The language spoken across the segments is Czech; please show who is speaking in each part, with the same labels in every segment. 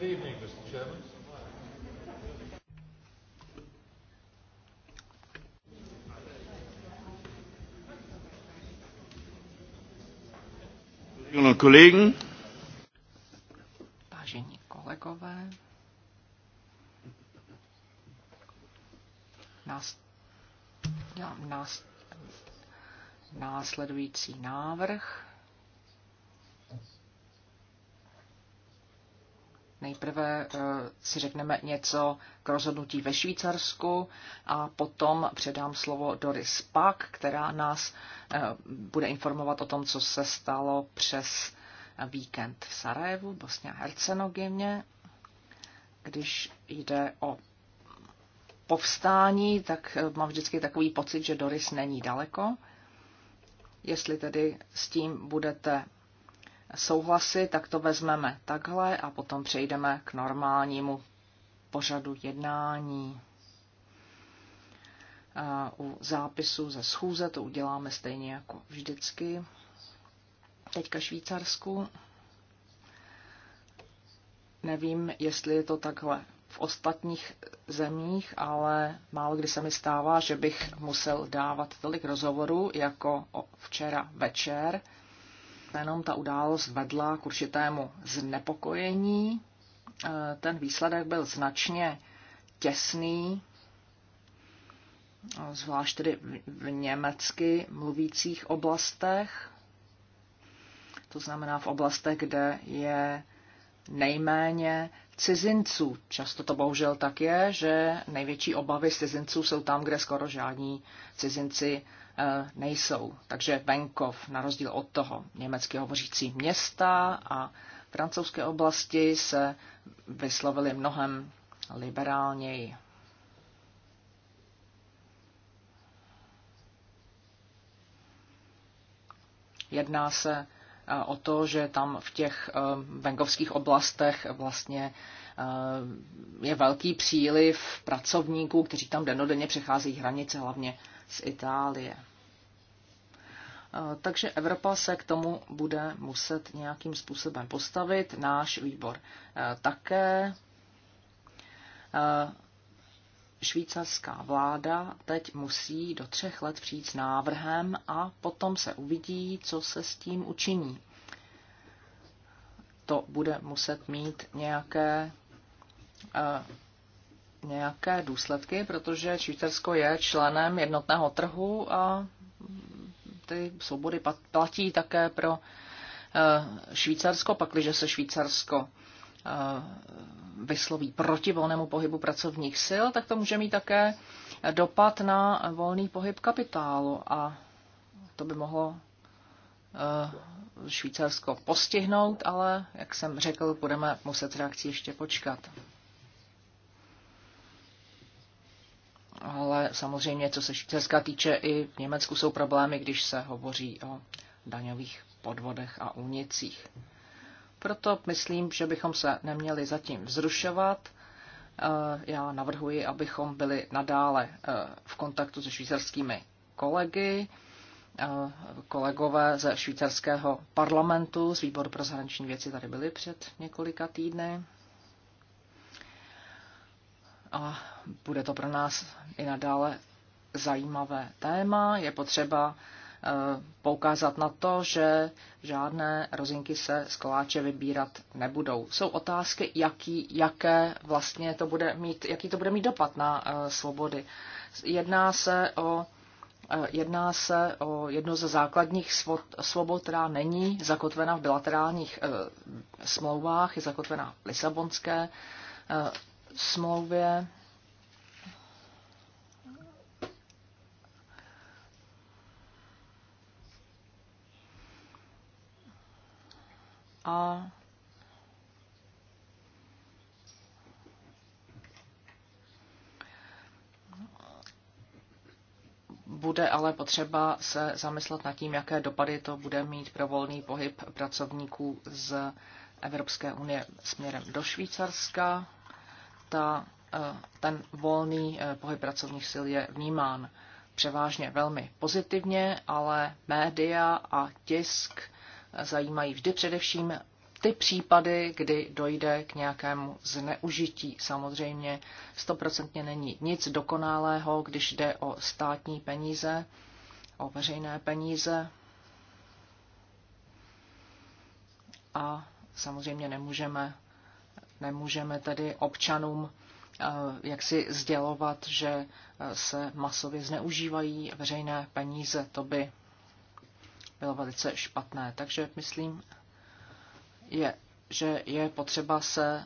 Speaker 1: Good evening, Mr. Chairman.
Speaker 2: Vážení kolegové, nás, já, nás, následující návrh Nejprve eh, si řekneme něco k rozhodnutí ve Švýcarsku a potom předám slovo Doris Pak, která nás eh, bude informovat o tom, co se stalo přes víkend v Sarajevu, Bosně a Hercenogině. Když jde o povstání, tak eh, mám vždycky takový pocit, že Doris není daleko. Jestli tedy s tím budete souhlasy, tak to vezmeme takhle a potom přejdeme k normálnímu pořadu jednání. U zápisu ze schůze to uděláme stejně jako vždycky. Teďka Švýcarsku. Nevím, jestli je to takhle v ostatních zemích, ale málo kdy se mi stává, že bych musel dávat tolik rozhovorů jako včera večer jenom ta událost vedla k určitému znepokojení. Eh, ten výsledek byl značně těsný, eh, zvlášť tedy v německy mluvících oblastech, to znamená v oblastech, kde je nejméně cizinců. Často to bohužel tak je, že největší obavy z cizinců jsou tam, kde skoro žádní cizinci E, nejsou. Takže venkov, na rozdíl od toho německy hovořící města a francouzské oblasti se vyslovili mnohem liberálněji. Jedná se e, o to, že tam v těch e, venkovských oblastech vlastně Eh, je velký příliv pracovníků, kteří tam denodenně přecházejí hranice, hlavně z Itálie. Eh, takže Evropa se k tomu bude muset nějakým způsobem postavit, náš výbor eh, také. Švýcarská vláda teď musí do třech let přijít s návrhem a potom se uvidí, co se s tím učiní. To bude muset mít nějaké nějaké důsledky, protože Švýcarsko je členem jednotného trhu a ty svobody platí také pro e, Švýcarsko, pakliže se Švýcarsko e, vysloví proti volnému pohybu pracovních sil, tak to může mít také dopad na volný pohyb kapitálu a to by mohlo e, Švýcarsko postihnout, ale jak jsem řekl, budeme muset reakci ještě počkat. ale samozřejmě, co se Česká týče, i v Německu jsou problémy, když se hovoří o daňových podvodech a únicích. Proto myslím, že bychom se neměli zatím vzrušovat. Eh, já navrhuji, abychom byli nadále eh, v kontaktu se švýcarskými kolegy, eh, kolegové ze švýcarského parlamentu z výboru pro zahraniční věci tady byli před několika týdny a bude to pro nás i nadále zajímavé téma. Je potřeba eh, poukázat na to, že žádné rozinky se z koláče vybírat nebudou. Jsou otázky, jaký, jaké vlastně to bude mít, jaký to bude mít dopad na eh, svobody. Jedná se o eh, Jedná se o jednu ze základních svobod, která není zakotvena v bilaterálních e, smlouvách, je zakotvena v Lisabonské e, smlouvě a bude ale potřeba se zamyslet nad tím, jaké dopady to bude mít pro volný pohyb pracovníků z Evropské unie směrem do Švýcarska ta, eh, ten volný eh, pohyb pracovních sil je vnímán převážně velmi pozitivně, ale média a tisk eh, zajímají vždy především ty případy, kdy dojde k nějakému zneužití. Samozřejmě stoprocentně není nic dokonalého, když jde o státní peníze, o veřejné peníze. A samozřejmě nemůžeme Nemůžeme tedy občanům eh, jak si sdělovat, že eh, se masově zneužívají veřejné peníze. To by bylo velice špatné. Takže myslím, je, že je potřeba se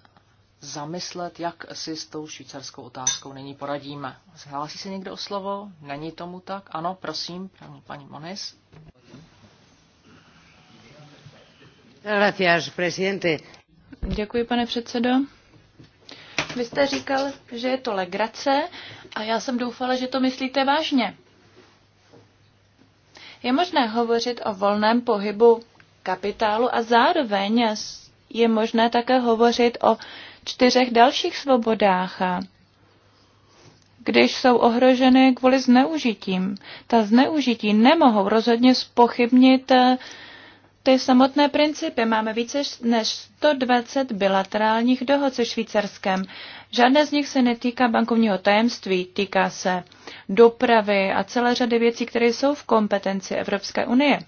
Speaker 2: zamyslet, jak si s tou švýcarskou otázkou nyní poradíme. Zhlásí se někdo o slovo? Není tomu tak? Ano, prosím, paní, paní Monis. Gracias, presidente.
Speaker 3: Děkuji, pane předsedo. Vy jste říkal, že je to legrace a já jsem doufala, že to myslíte vážně. Je možné hovořit o volném pohybu kapitálu a zároveň je možné také hovořit o čtyřech dalších svobodách, když jsou ohroženy kvůli zneužitím. Ta zneužití nemohou rozhodně spochybnit ty samotné principy. Máme více než 120 bilaterálních dohod se Švýcarskem. Žádné z nich se netýká bankovního tajemství, týká se dopravy a celé řady věcí, které jsou v kompetenci Evropské unie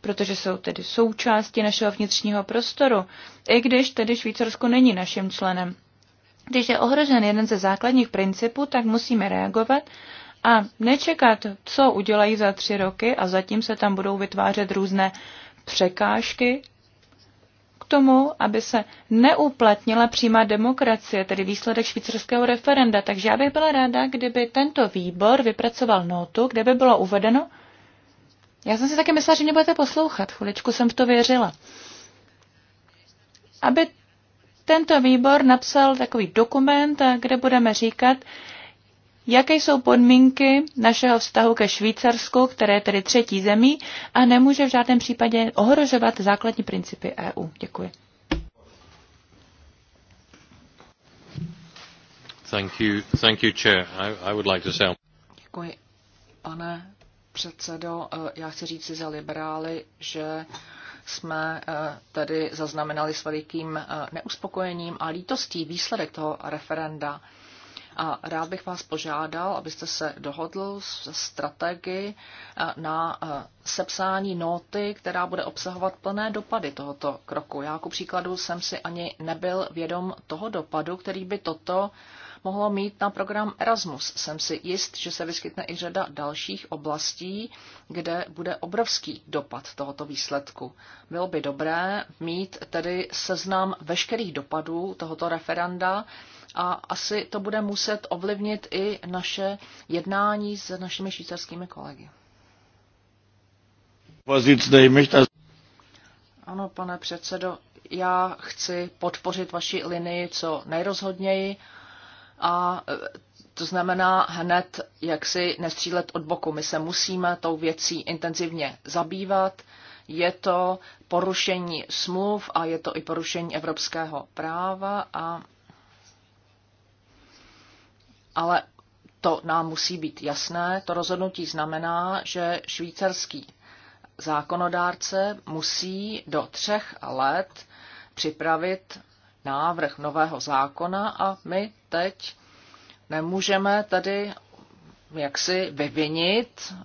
Speaker 3: protože jsou tedy součástí našeho vnitřního prostoru, i když tedy Švýcarsko není naším členem. Když je ohrožen jeden ze základních principů, tak musíme reagovat a nečekat, co udělají za tři roky a zatím se tam budou vytvářet různé překážky k tomu, aby se neuplatnila přímá demokracie, tedy výsledek švýcarského referenda. Takže já bych byla ráda, kdyby tento výbor vypracoval notu, kde by bylo uvedeno, já jsem si taky myslela, že mě budete poslouchat, chviličku jsem v to věřila. Aby tento výbor napsal takový dokument, kde budeme říkat, jaké jsou podmínky našeho vztahu ke Švýcarsku, které je tedy třetí zemí a nemůže v žádném případě ohrožovat základní principy EU. Děkuji.
Speaker 1: Thank you, thank you, chair. I, I would like to say...
Speaker 2: Děkuji, pane předsedo. Eh, já chci říct si za liberály, že jsme eh, tedy zaznamenali s velikým eh, neuspokojením a lítostí výsledek toho referenda. A rád bych vás požádal, abyste se dohodl s strategii eh, na eh, sepsání noty, která bude obsahovat plné dopady tohoto kroku. Já ku příkladu jsem si ani nebyl vědom toho dopadu, který by toto mohlo mít na program Erasmus. Jsem si jist, že se vyskytne i řada dalších oblastí, kde bude obrovský dopad tohoto výsledku. Bylo by dobré mít tedy seznam veškerých dopadů tohoto referenda a asi to bude muset ovlivnit i naše jednání s našimi švýcarskými kolegy. Ano, pane předsedo, já chci podpořit vaši linii co nejrozhodněji a e, to znamená hned, jak si nestřílet od boku. My se musíme tou věcí intenzivně zabývat. Je to porušení smluv a je to i porušení evropského práva a ale to nám musí být jasné. To rozhodnutí znamená, že švýcarský zákonodárce musí do třech let připravit návrh nového zákona a my teď nemůžeme tedy jaksi vyvinit eh,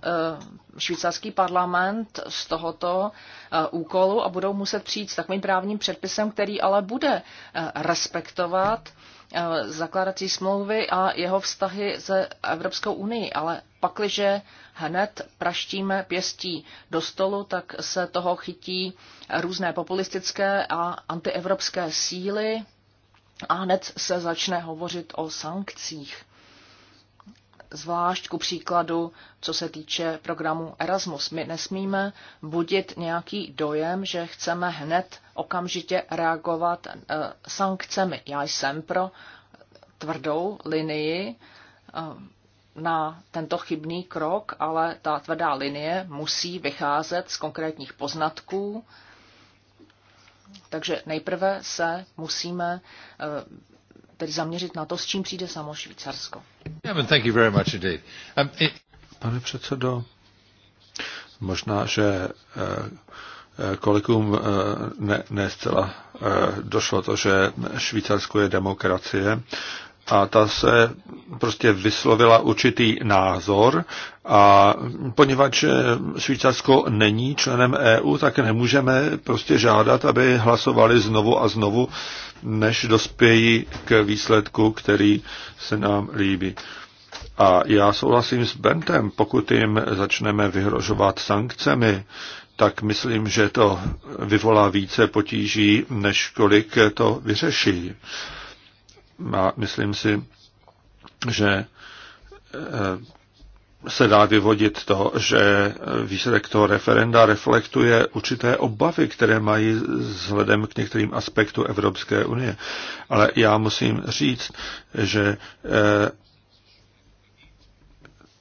Speaker 2: švýcarský parlament z tohoto eh, úkolu a budou muset přijít s takovým právním předpisem, který ale bude eh, respektovat Eh, zakládací smlouvy a jeho vztahy se Evropskou unii, ale pakliže hned praštíme pěstí do stolu, tak se toho chytí různé populistické a antievropské síly a hned se začne hovořit o sankcích zvlášť ku příkladu, co se týče programu Erasmus. My nesmíme budit nějaký dojem, že chceme hned okamžitě reagovat eh, sankcemi. Já jsem pro tvrdou linii eh, na tento chybný krok, ale ta tvrdá linie musí vycházet z konkrétních poznatků. Takže nejprve se musíme eh, tedy zaměřit na to, s čím přijde samo Švýcarsko.
Speaker 1: Um, Pane předsedo, možná, že eh, eh, kolikům eh, ne, ne zcela došlo to, že Švýcarsko je demokracie a ta se prostě vyslovila určitý názor a poněvadž Švýcarsko není členem EU, tak nemůžeme prostě žádat, aby hlasovali znovu a znovu, než dospějí k výsledku, který se nám líbí. A já souhlasím s Bentem, pokud jim začneme vyhrožovat sankcemi, tak myslím, že to vyvolá více potíží, než kolik to vyřeší. A myslím si, že eh, se dá vyvodit to, že výsledek toho referenda reflektuje určité obavy, které mají vzhledem k některým aspektům Evropské unie. Ale já musím říct, že eh,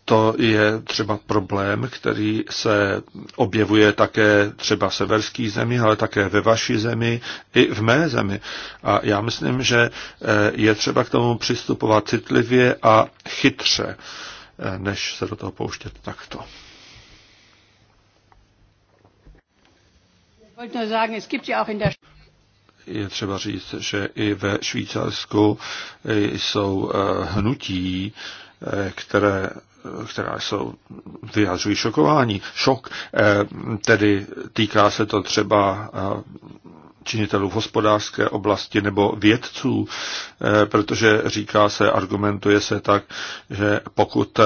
Speaker 1: to je třeba problém, který se objevuje také třeba v severských zemi, ale také ve vaší zemi i v mé zemi. A já myslím, že eh, je třeba k tomu přistupovat citlivě a chytře, eh, než se do toho pouštět takto. Je třeba říct, že i ve Švýcarsku eh, jsou hnutí, Eh, které, která jsou, vyjadřují šokování. Šok, eh, tedy týká se to třeba eh, činitelů v hospodářské oblasti nebo vědců, protože říká se, argumentuje se tak, že pokud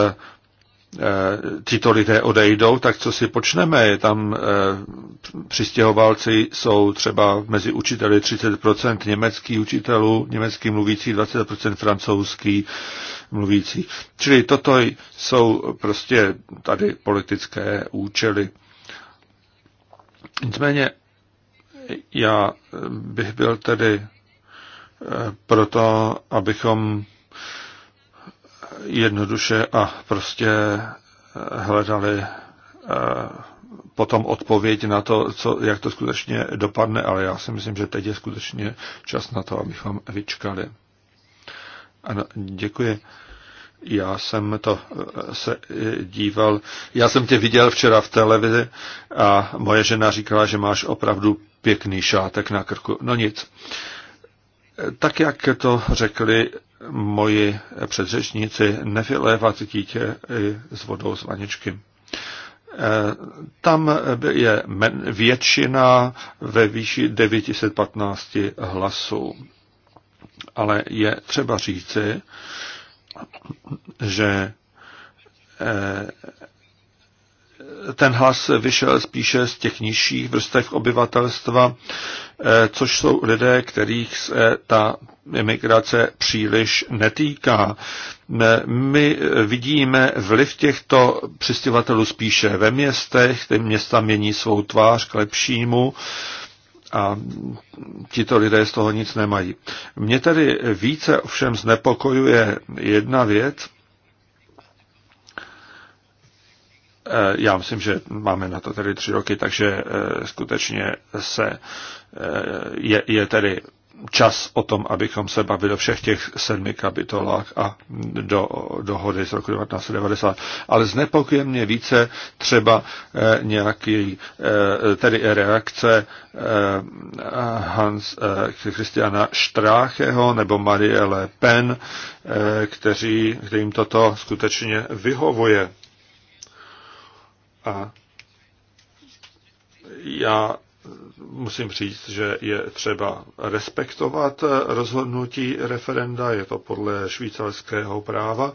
Speaker 1: Eh, tito lidé odejdou, tak co si počneme? Tam eh, přistěhovalci jsou třeba mezi učiteli 30% německých učitelů, německý mluvící 20% francouzský mluvící. Čili toto jsou prostě tady politické účely. Nicméně já bych byl tedy eh, proto, abychom jednoduše a prostě eh, hledali eh, potom odpověď na to, co, jak to skutečně dopadne, ale já si myslím, že teď je skutečně čas na to, abychom vyčkali. Ano, děkuji. Já jsem to eh, se díval, já jsem tě viděl včera v televizi a moje žena říkala, že máš opravdu pěkný šátek na krku. No nic. Tak, jak to řekli moji předřečníci nevylévat dítě s vodou z vaničky. E, tam je většina ve výši 915 hlasů. Ale je třeba říci, že e, ten hlas vyšel spíše z těch nižších vrstev obyvatelstva, e, což jsou lidé, kterých se ta imigrace příliš netýká. My vidíme vliv těchto přistěvatelů spíše ve městech, ty města mění svou tvář k lepšímu a tito lidé z toho nic nemají. Mě tedy více ovšem znepokojuje jedna věc, eh, Já myslím, že máme na to tedy tři roky, takže eh, skutečně se eh, je, je tedy čas o tom, abychom se bavili o všech těch sedmi kapitolách a do dohody z roku 1990. Ale znepokuje mě více třeba eh, nějaký, eh, tedy reakce eh, Hans eh, Christiana Strácheho nebo Marie Le Pen, eh, kteří, kterým toto skutečně vyhovuje. A já musím říct, že je třeba respektovat rozhodnutí referenda, je to podle švýcarského práva,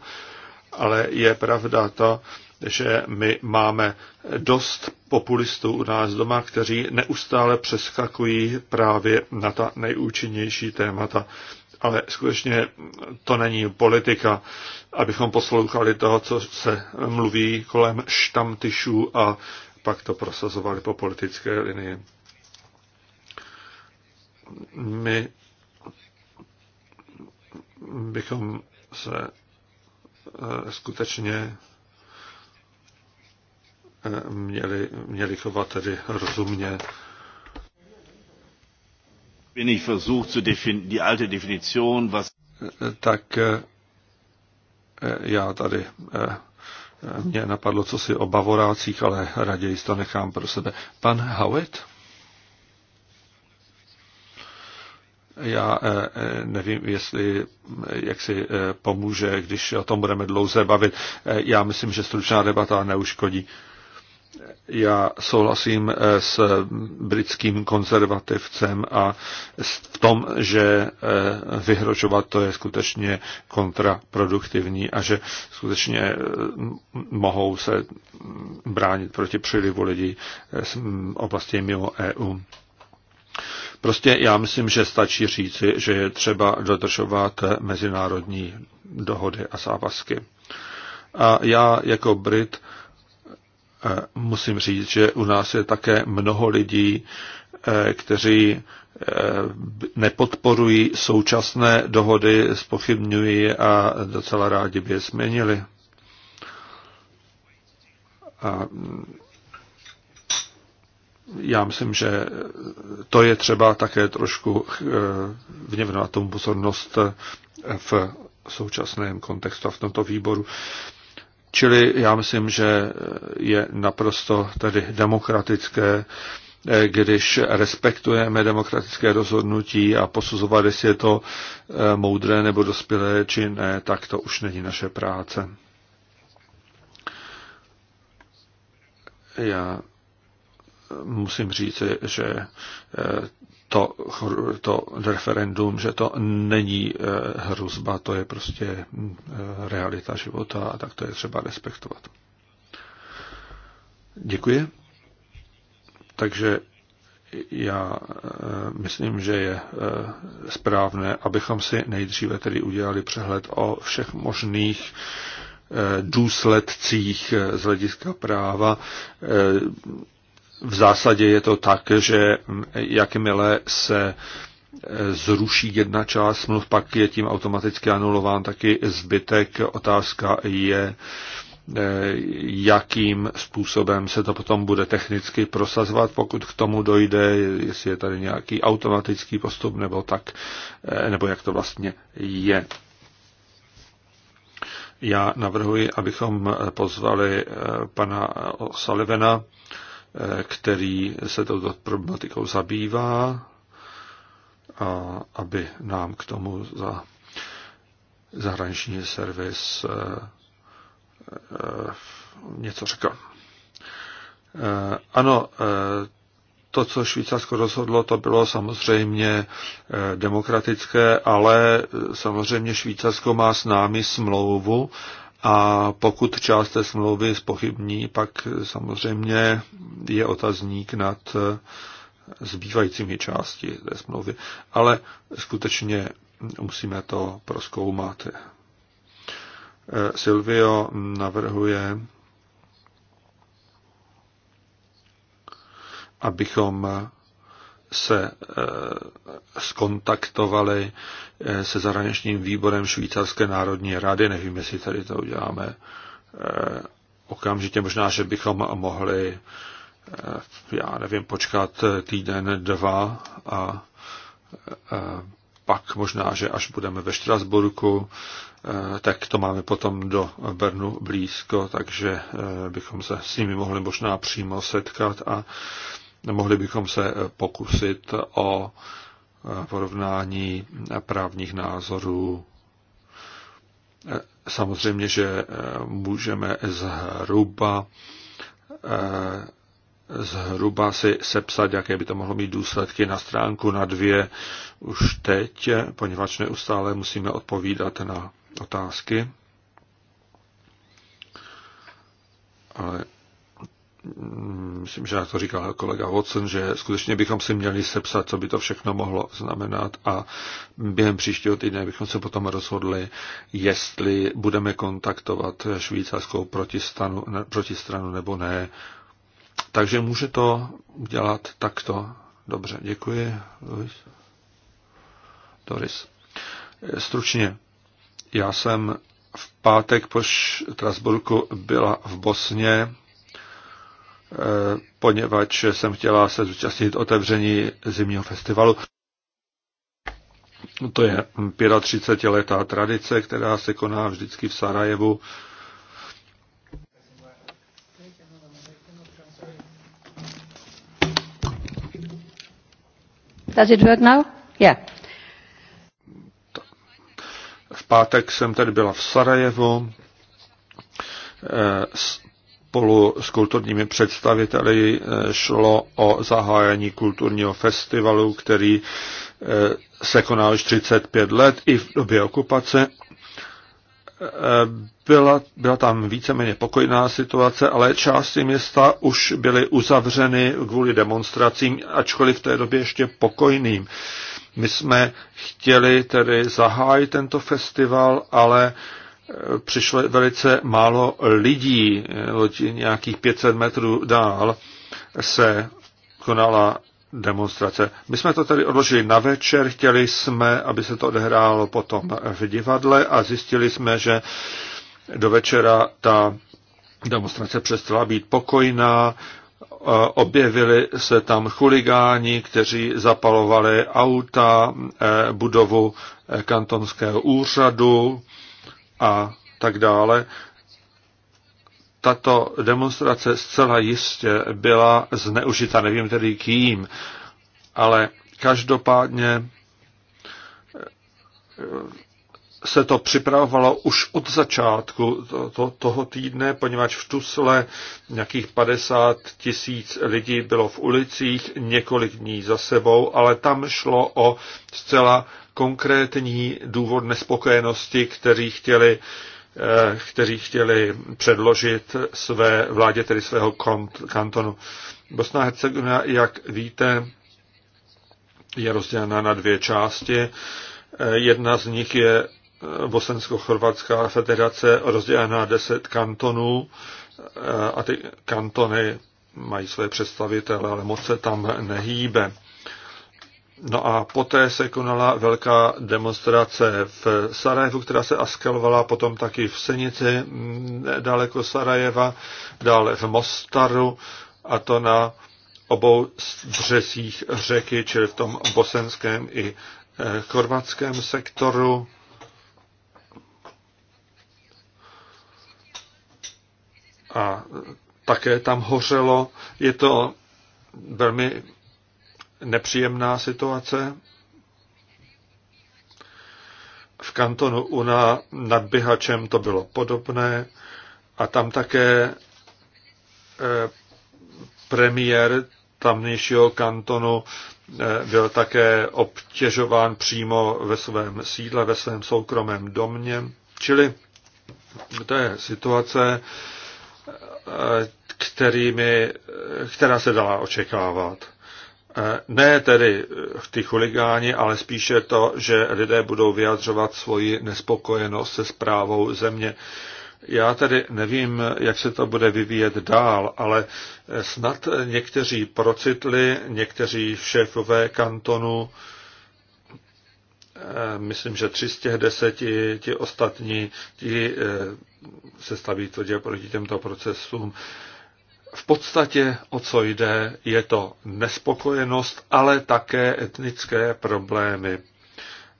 Speaker 1: ale je pravda to, že my máme dost populistů u nás doma, kteří neustále přeskakují právě na ta nejúčinnější témata. Ale skutečně to není politika, abychom poslouchali toho, co se mluví kolem štamtyšů a pak to prosazovali po politické linii my bychom se eh, skutečně eh, měli, měli chovat tedy rozumně. Bin ich versucht zu defin- die alte Definition, was eh, tak já tady mě napadlo, co si o bavorácích, ale raději to nechám pro sebe. Pan Howitt? Já eh, eh, nevím, jestli eh, jak si pomůže, když o tom budeme dlouze bavit. Já myslím, že stručná debata neuškodí. Já souhlasím s britským konzervativcem a v tom, že vyhrožovat to je skutečně kontraproduktivní a že skutečně mohou se bránit proti přílivu lidí z oblasti mimo EU. Prostě já myslím, že stačí říci, že je třeba dodržovat mezinárodní dohody a závazky. A já jako Brit eh, musím říct, že u nás je také mnoho lidí, eh, kteří eh, nepodporují současné dohody, spochybňují a docela rádi by je změnili. A já myslím, že to je třeba také trošku eh, vněvná tomu pozornost eh, v současném kontextu a v tomto výboru. Čili já myslím, že je naprosto tedy demokratické, eh, když respektujeme demokratické rozhodnutí a posuzovat, jestli je to moudré nebo dospělé, či ne, tak to už není naše práce. Já musím říct, že eh, to, to referendum, že to není eh, hrozba, to je prostě mm, eh, realita života a tak to je třeba respektovat. Děkuji. Takže já myslím, že je správné, abychom si nejdříve tedy udělali přehled o všech možných důsledcích z hlediska práva v zásadě je to tak, že jakmile se e, zruší jedna část smluv, pak je tím automaticky anulován taky zbytek. Otázka je, e, jakým způsobem se to potom bude technicky prosazovat, pokud k tomu dojde, jestli je tady nějaký automatický postup nebo tak, e, nebo jak to vlastně je. Já navrhuji, abychom pozvali pana Salivena, který se touto problematikou zabývá a aby nám k tomu za zahraniční servis eh, eh, něco řekl. Eh, ano, to, co Švýcarsko rozhodlo, to bylo samozřejmě demokratické, ale samozřejmě Švýcarsko má s námi smlouvu a pokud část té smlouvy spochybní, pak samozřejmě je otazník nad eh, zbývajícími části té smlouvy. Ale skutečně musíme to proskoumat. Eh, Silvio navrhuje, abychom se eh, skontaktovali eh, se zahraničním výborem Švýcarské národní rady. Nevím, jestli tady to uděláme eh, okamžitě. Možná, že bychom mohli, já nevím, počkat týden, dva a pak možná, že až budeme ve Štrasburku, tak to máme potom do Bernu blízko, takže bychom se s nimi mohli možná přímo setkat a mohli bychom se pokusit o porovnání právních názorů. Samozřejmě, že můžeme zhruba zhruba si sepsat, jaké by to mohlo mít důsledky na stránku, na dvě už teď, poněvadž neustále musíme odpovídat na otázky. Ale myslím, že jak to říkal kolega Watson, že skutečně bychom si měli sepsat, co by to všechno mohlo znamenat a během příštího týdne bychom se potom rozhodli, jestli budeme kontaktovat švýcarskou protistanu, ne, protistranu nebo ne. Takže může to udělat takto. Dobře, děkuji. Doris. Stručně. Já jsem v pátek po Strasburku byla v Bosně Eh, poněvadž jsem chtěla se zúčastnit otevření zimního festivalu. To je 35 letá tradice, která se koná vždycky v Sarajevu.
Speaker 3: Does it work now? Yeah.
Speaker 1: V pátek jsem tady byla v Sarajevu. Eh, spolu s kulturními představiteli eh, šlo o zahájení kulturního festivalu, který eh, se konal už 35 let i v době okupace. Eh, byla, byla tam víceméně pokojná situace, ale části města už byly uzavřeny kvůli demonstracím, ačkoliv v té době ještě pokojným. My jsme chtěli tedy zahájit tento festival, ale eh, přišlo velice málo lidí, od nějakých 500 metrů dál se konala demonstrace. My jsme to tady odložili na večer, chtěli jsme, aby se to odehrálo potom v divadle a zjistili jsme, že do večera ta demonstrace přestala být pokojná, e, objevili se tam chuligáni, kteří zapalovali auta, e, budovu e, kantonského úřadu, a tak dále. Tato demonstrace zcela jistě byla zneužita, nevím tedy kým, ale každopádně se to připravovalo už od začátku to, to, toho týdne, poněvadž v Tusle nějakých 50 tisíc lidí bylo v ulicích několik dní za sebou, ale tam šlo o zcela konkrétní důvod nespokojenosti, kteří chtěli, eh, kteří chtěli předložit své vládě, tedy svého kont, kantonu. Bosna a Hercegovina, jak víte, je rozdělena na dvě části. Eh, jedna z nich je Eh, Bosensko-Chorvatská federace rozdělena na 10 kantonů eh, a ty kantony mají své představitele, ale moc se tam nehýbe. No a poté se konala velká demonstrace v Sarajevu, která se askalovala potom taky v Senici, mm, daleko Sarajeva, dále v Mostaru a to na obou břesích řeky, čili v tom bosenském i eh, chorvatském sektoru. a také tam hořelo. Je to velmi nepříjemná situace. V kantonu Una nad Byhačem to bylo podobné a tam také eh, premiér tamnějšího kantonu eh, byl také obtěžován přímo ve svém sídle, ve svém soukromém domě. Čili to je situace, kterými, která se dala očekávat. Eh, ne tedy eh, ty chuligáni, ale spíše to, že lidé budou vyjadřovat svoji nespokojenost se zprávou země. Já tedy nevím, jak se to bude vyvíjet dál, ale eh, snad někteří procitli, někteří šéfové kantonu, Eh, myslím, že tři z těch deseti, ti ostatní, ti eh, se staví tvrdě proti těmto procesům. V podstatě o co jde, je to nespokojenost, ale také etnické problémy.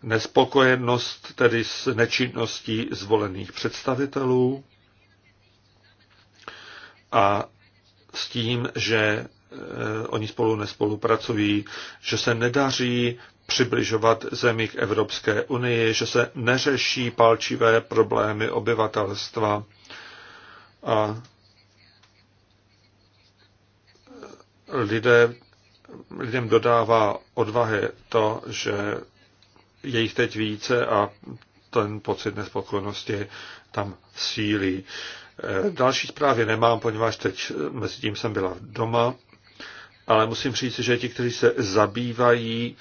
Speaker 1: Nespokojenost tedy s nečinností zvolených představitelů a s tím, že eh, oni spolu nespolupracují, že se nedaří přibližovat zemí k Evropské unii, že se neřeší palčivé problémy obyvatelstva a lidé, lidem dodává odvahy to, že je jich teď více a ten pocit nespokojenosti tam sílí. E, další zprávy nemám, poněvadž teď e, mezi tím jsem byla doma, ale musím říct, že ti, kteří se zabývají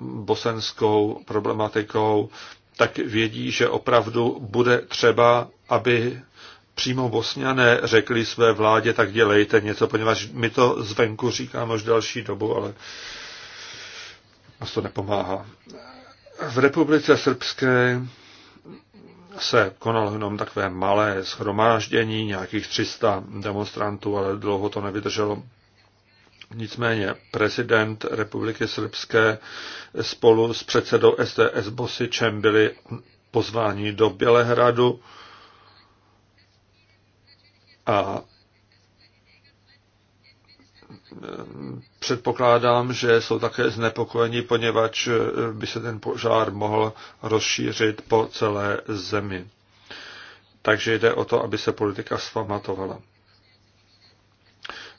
Speaker 1: bosenskou problematikou, tak vědí, že opravdu bude třeba, aby přímo bosňané řekli své vládě, tak dělejte něco, poněvadž my to zvenku říkáme už další dobu, ale nás to nepomáhá. V republice srbské se konalo jenom takové malé schromáždění, nějakých 300 demonstrantů, ale dlouho to nevydrželo. Nicméně prezident Republiky Srbské spolu s předsedou SDS Bosičem byli pozváni do Bělehradu a e, předpokládám, že jsou také znepokojeni, poněvadž e, by se ten požár mohl rozšířit po celé zemi. Takže jde o to, aby se politika sfamatovala.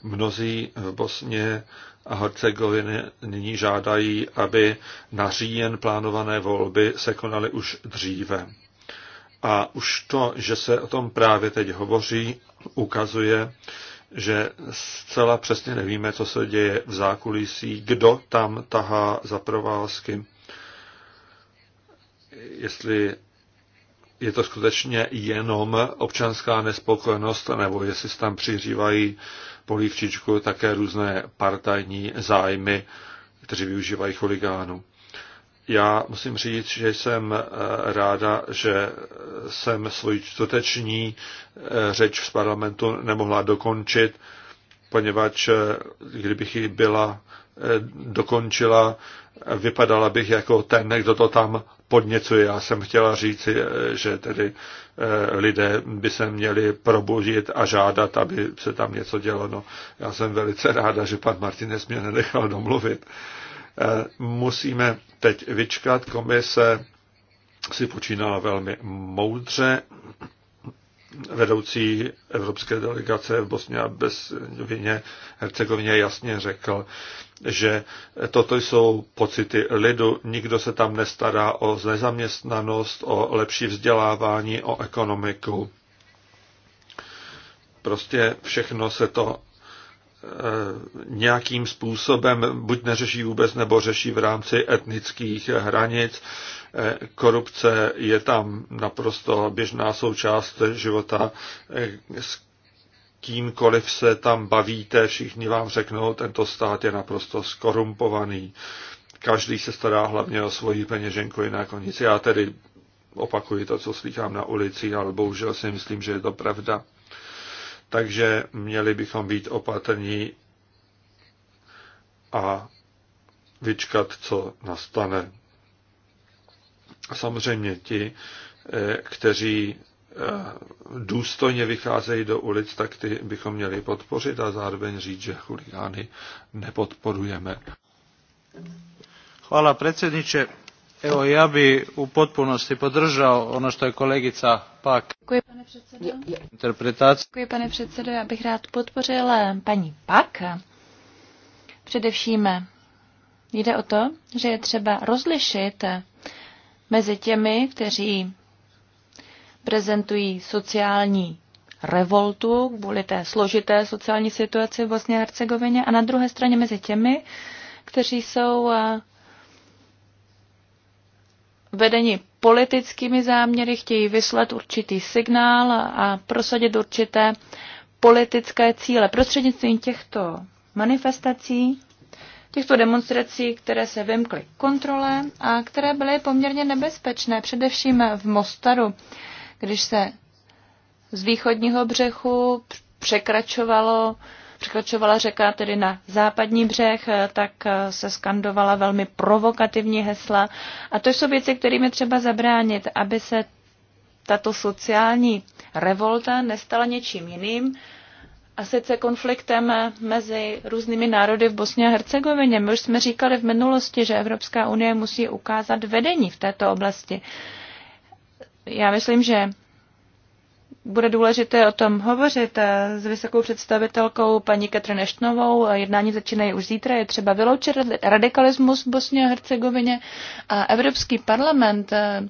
Speaker 1: Mnozí v Bosně a Hercegovině nyní žádají, aby na říjen plánované volby se konaly už dříve. A už to, že se o tom právě teď hovoří, ukazuje, že zcela přesně nevíme, co se děje v zákulisí, kdo tam tahá za provázky, jestli je to skutečně jenom občanská nespokojenost, nebo jestli se tam přiřívají polívčičku také různé partajní zájmy, kteří využívají chuligánů. Já musím říct, že jsem eh, ráda, že jsem svoji čtvrteční eh, řeč v parlamentu nemohla dokončit, poněvadž eh, kdybych ji byla dokončila, vypadala bych jako ten, kdo to tam podněcuje. Já jsem chtěla říci, že tedy eh, lidé by se měli probudit a žádat, aby se tam něco dělo. No, já jsem velice ráda, že pan Martinez mě nenechal domluvit. Eh, musíme teď vyčkat. Komise si počínala velmi moudře vedoucí evropské delegace v Bosně a Bezvině Hercegovině jasně řekl, že toto jsou pocity lidu, nikdo se tam nestará o nezaměstnanost, o lepší vzdělávání, o ekonomiku. Prostě všechno se to Eh, nějakým způsobem buď neřeší vůbec, nebo řeší v rámci etnických hranic. Eh, korupce je tam naprosto běžná součást života. Eh, s kýmkoliv se tam bavíte, všichni vám řeknou, tento stát je naprosto skorumpovaný. Každý se stará hlavně o svoji peněženku, jinak o nic. Já tedy opakuji to, co slychám na ulici, ale bohužel si myslím, že je to pravda. Takže měli bychom být opatrní a vyčkat, co nastane. Samozřejmě ti, eh, kteří eh, důstojně vycházejí do ulic, tak ty bychom měli podpořit a zároveň říct, že chuligány nepodporujeme. Hvala predsjedniče. Evo, já bych u potpunosti podržal ono, co je kolegica Pak. Děkuji,
Speaker 2: pane předsedo.
Speaker 3: Interpretace. Děkuji, pane předsedo. Já bych rád podpořil paní Pak. Především jde o to, že je třeba rozlišit mezi těmi, kteří prezentují sociální revoltu kvůli té složité sociální situaci v Bosně a Hercegovině a na druhé straně mezi těmi, kteří jsou eh, vedeni politickými záměry, chtějí vyslat určitý signál a prosadit určité politické cíle. Prostřednictvím těchto manifestací, těchto demonstrací, které se vymkly kontrole a které byly poměrně nebezpečné, především v Mostaru, když se z východního břehu překračovalo překračovala řeka tedy na západní břeh, eh, tak eh, se skandovala velmi provokativní hesla. A to jsou věci, kterými třeba zabránit, aby se tato sociální revolta nestala něčím jiným, a sice konfliktem eh, mezi různými národy v Bosně a Hercegovině. My už jsme říkali v minulosti, že Evropská unie musí ukázat vedení v této oblasti. Já myslím, že bude důležité o tom hovořit eh, s vysokou představitelkou paní Katrin Eštnovou. Jednání začínají už zítra, je třeba vyloučit radikalismus v Bosně a Hercegovině a Evropský parlament eh,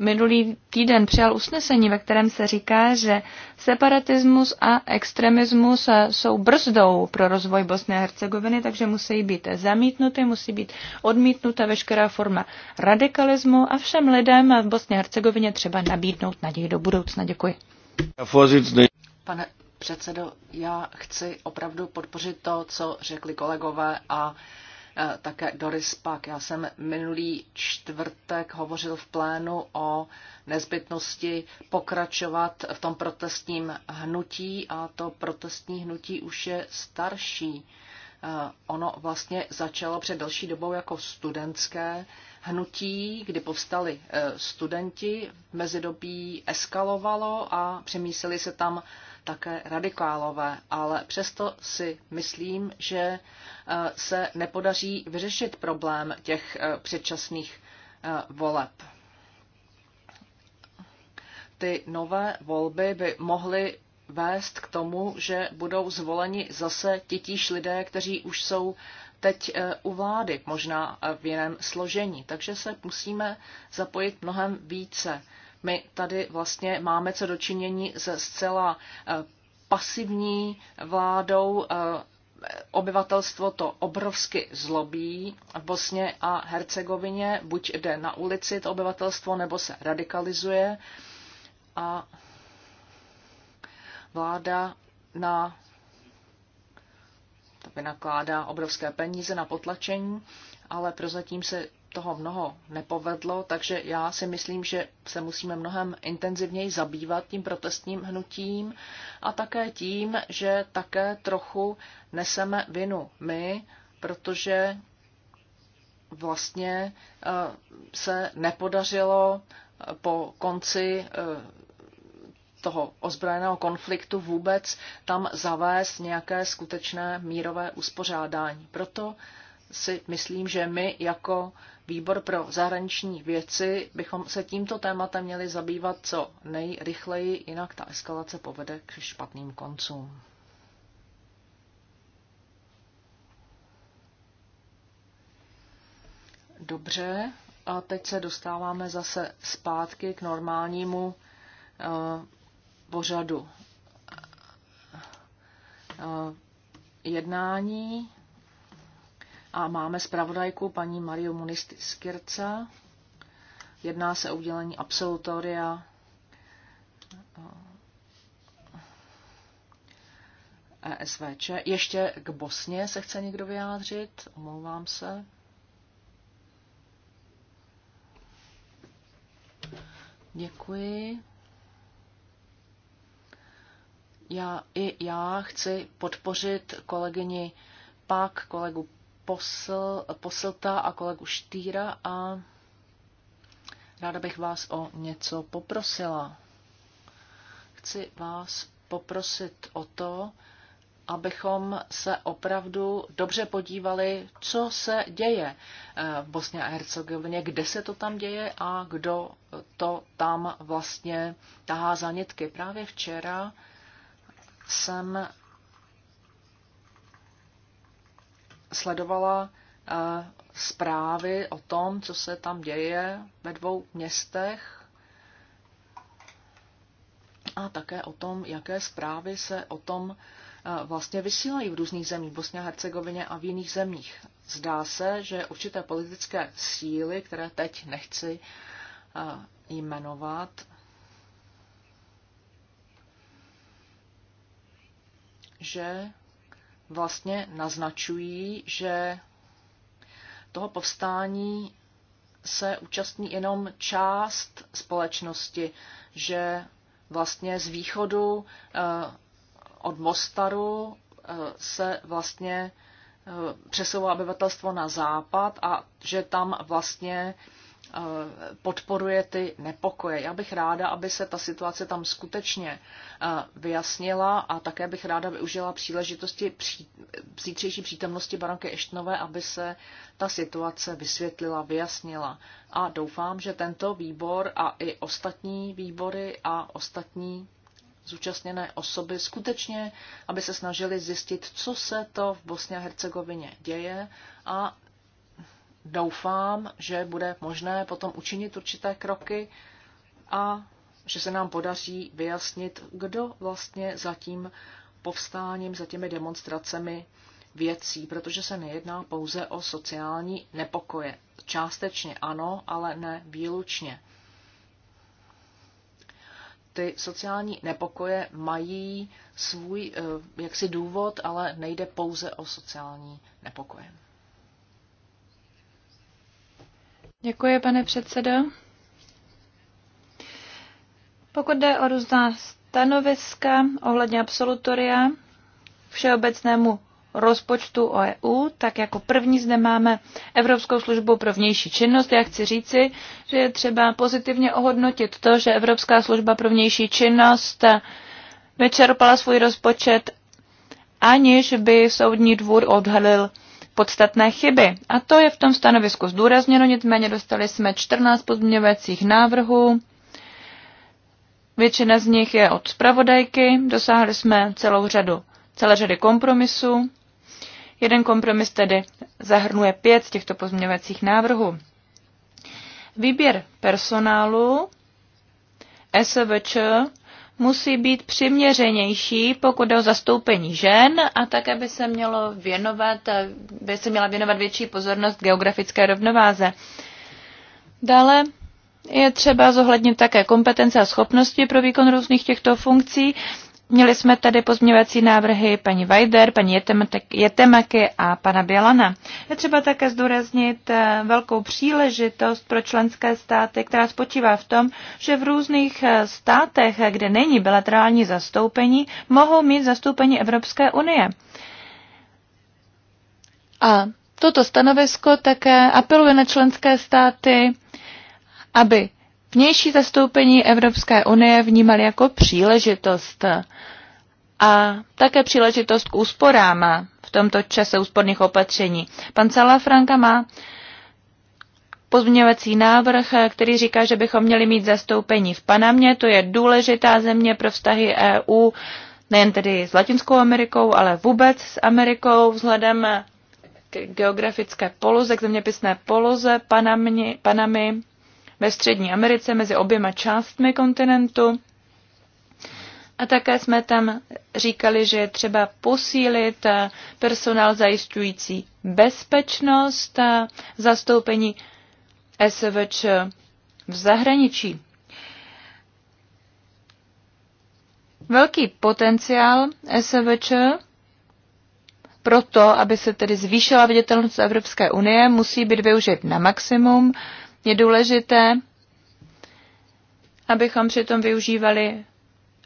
Speaker 3: minulý týden přijal usnesení, ve kterém se říká, že separatismus a extremismus eh, jsou brzdou pro rozvoj Bosny a Hercegoviny, takže musí být zamítnuty, musí být odmítnuta veškerá forma radikalismu a všem lidem v Bosně a Hercegovině třeba nabídnout naději do budoucna. Děkuji.
Speaker 2: Pane předsedo, já chci opravdu podpořit to, co řekli kolegové a Eh, také Doris Pak. Já jsem minulý čtvrtek hovořil v plénu o nezbytnosti pokračovat v tom protestním hnutí a to protestní hnutí už je starší. Eh, ono vlastně začalo před delší dobou jako studentské hnutí, kdy povstali eh, studenti, v mezidobí eskalovalo a přemísili se tam také radikálové, ale přesto si myslím, že eh, se nepodaří vyřešit problém těch eh, předčasných eh, voleb. Ty nové volby by mohly vést k tomu, že budou zvoleni zase titíž lidé, kteří už jsou teď u vlády, možná v jiném složení. Takže se musíme zapojit mnohem více my tady vlastně máme co dočinění se zcela eh, pasivní vládou. Eh, obyvatelstvo to obrovsky zlobí v Bosně a Hercegovině. Buď jde na ulici to obyvatelstvo, nebo se radikalizuje. A vláda na to vynakládá obrovské peníze na potlačení, ale prozatím se toho mnoho nepovedlo, takže já si myslím, že se musíme mnohem intenzivněji zabývat tím protestním hnutím a také tím, že také trochu neseme vinu my, protože vlastně eh, se nepodařilo eh, po konci eh, toho ozbrojeného konfliktu vůbec tam zavést nějaké skutečné mírové uspořádání. Proto si myslím, že my jako uh, výbor pro zahraniční věci bychom se tímto tématem měli zabývat co nejrychleji, jinak ta eskalace povede k špatným koncům. Dobře, a teď se dostáváme zase zpátky k normálnímu uh, pořadu uh, jednání. A máme zpravodajku paní Mario Munisty Skirca. Jedná se o udělení absolutoria ESVČ. Eh, e Ještě k Bosně se chce někdo vyjádřit? Omlouvám se. Děkuji. Já i já chci podpořit kolegyni Pak, kolegu posl, Poslta a kolegu Štýra a ráda bych vás o něco poprosila. Chci vás poprosit o to, abychom se opravdu dobře podívali, co se děje eh, v Bosně a Hercegovině, kde se to tam děje a kdo to tam vlastně tahá za nitky. Právě včera jsem sledovala eh, zprávy o tom, co se tam děje ve dvou městech a také o tom, jaké zprávy se o tom eh, vlastně vysílají v různých zemích, Bosně a Hercegovině a v jiných zemích. Zdá se, že určité politické síly, které teď nechci eh, jmenovat, že vlastně naznačují, že toho povstání se účastní jenom část společnosti, že vlastně z východu eh, od Mostaru eh, se vlastně eh, přesouvá obyvatelstvo na západ a že tam vlastně Eh, podporuje ty nepokoje. Já bych ráda, aby se ta situace tam skutečně eh, vyjasnila a také bych ráda využila příležitosti zítřejší přítomnosti baronky Eštnové, aby se ta situace vysvětlila, vyjasnila. A doufám, že tento výbor a i ostatní výbory a ostatní zúčastněné osoby skutečně, aby se snažili zjistit, co se to v Bosně a Hercegovině děje a doufám, že bude možné potom učinit určité kroky a že se nám podaří vyjasnit, kdo vlastně za tím povstáním, za těmi demonstracemi věcí, protože se nejedná pouze o sociální nepokoje. Částečně ano, ale ne výlučně. Ty sociální nepokoje mají svůj eh, jaksi důvod, ale nejde pouze o sociální nepokoje.
Speaker 3: Děkuji, pane předsedo. Pokud jde o různá stanoviska ohledně absolutoria všeobecnému rozpočtu o EU, tak jako první zde máme Evropskou službu pro vnější činnost. Já chci říci, že je třeba pozitivně ohodnotit to, že Evropská služba pro vnější činnost vyčerpala svůj rozpočet, aniž by soudní dvůr odhalil podstatné chyby. A to je v tom stanovisku zdůrazněno, nicméně dostali jsme 14 pozměňovacích návrhů. Většina z nich je od zpravodajky, dosáhli jsme celou řadu, celé řady kompromisů. Jeden kompromis tedy zahrnuje pět z těchto pozměňovacích návrhů. Výběr personálu SVČ musí být přiměřenější, pokud jde o zastoupení žen a také by se, mělo věnovat, by se měla věnovat větší pozornost geografické rovnováze. Dále je třeba zohlednit také kompetence a schopnosti pro výkon různých těchto funkcí Měli jsme tady pozměňovací návrhy paní Vajder, paní Jetemaky a pana Bělana. Je třeba také zdůraznit eh, velkou příležitost pro členské státy, která spočívá v tom, že v různých eh, státech, eh, kde není bilaterální zastoupení, mohou mít zastoupení Evropské unie. A toto stanovisko také apeluje na členské státy, aby vnější zastoupení Evropské unie vnímali jako příležitost a také příležitost k úsporám v tomto čase úsporných opatření. Pan Salafranka má pozměňovací návrh, který říká, že bychom měli mít zastoupení v Panamě. To je důležitá země pro vztahy EU, nejen tedy s Latinskou Amerikou, ale vůbec s Amerikou vzhledem k geografické poloze, k zeměpisné poloze Panamy ve Střední Americe mezi oběma částmi kontinentu. A také jsme tam říkali, že je třeba posílit eh, personál zajišťující bezpečnost a eh, zastoupení SVČ v zahraničí. Velký potenciál SVČ proto, aby se tedy zvýšila viditelnost Evropské unie, musí být využit na maximum je důležité, abychom přitom využívali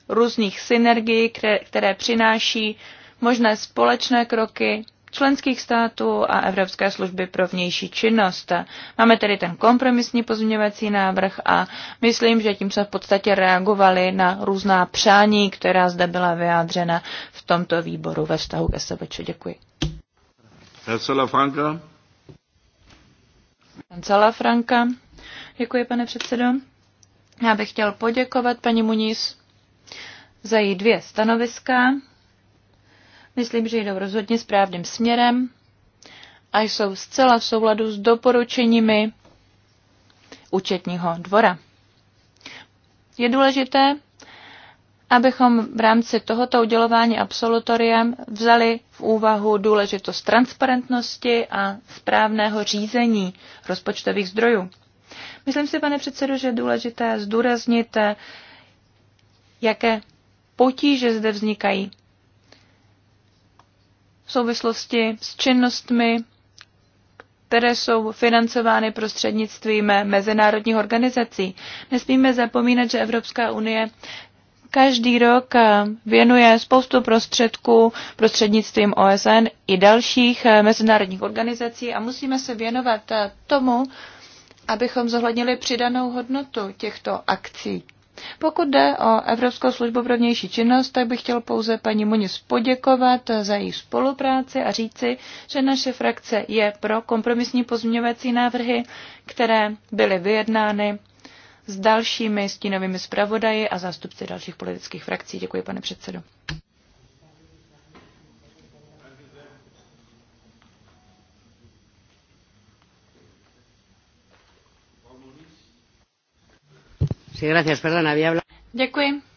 Speaker 3: různých synergií, které přináší možné společné kroky členských států a Evropské služby pro vnější činnost. Máme tedy ten kompromisní pozměňovací návrh a myslím, že tím jsme v podstatě reagovali na různá přání, která zde byla vyjádřena v tomto výboru ve vztahu k SVČ. Děkuji.
Speaker 1: Herr Salafranca.
Speaker 3: Pan Děkuji, pane předsedo. Já bych chtěl poděkovat paní Muniz za její dvě stanoviska. Myslím, že jdou rozhodně správným směrem a jsou zcela v souladu s doporučeními účetního dvora. Je důležité, abychom v rámci tohoto udělování absolutoriem vzali v úvahu důležitost transparentnosti a správného řízení rozpočtových zdrojů. Myslím si, pane předsedo, že je důležité zdůraznit, jaké potíže zde vznikají v souvislosti s činnostmi, které jsou financovány prostřednictvím mezinárodních organizací. Nesmíme zapomínat, že Evropská unie každý rok eh, věnuje spoustu prostředků prostřednictvím OSN i dalších eh, mezinárodních organizací a musíme se věnovat eh, tomu, abychom zohlednili přidanou hodnotu těchto akcí. Pokud jde o Evropskou službu pro vnější činnost, tak bych chtěl pouze paní Muniz poděkovat za její spolupráci a říci, že naše frakce je pro kompromisní pozměňovací návrhy, které byly vyjednány s dalšími stínovými zpravodaji a zástupci dalších politických frakcí. Děkuji, pane předsedo. Děkuji.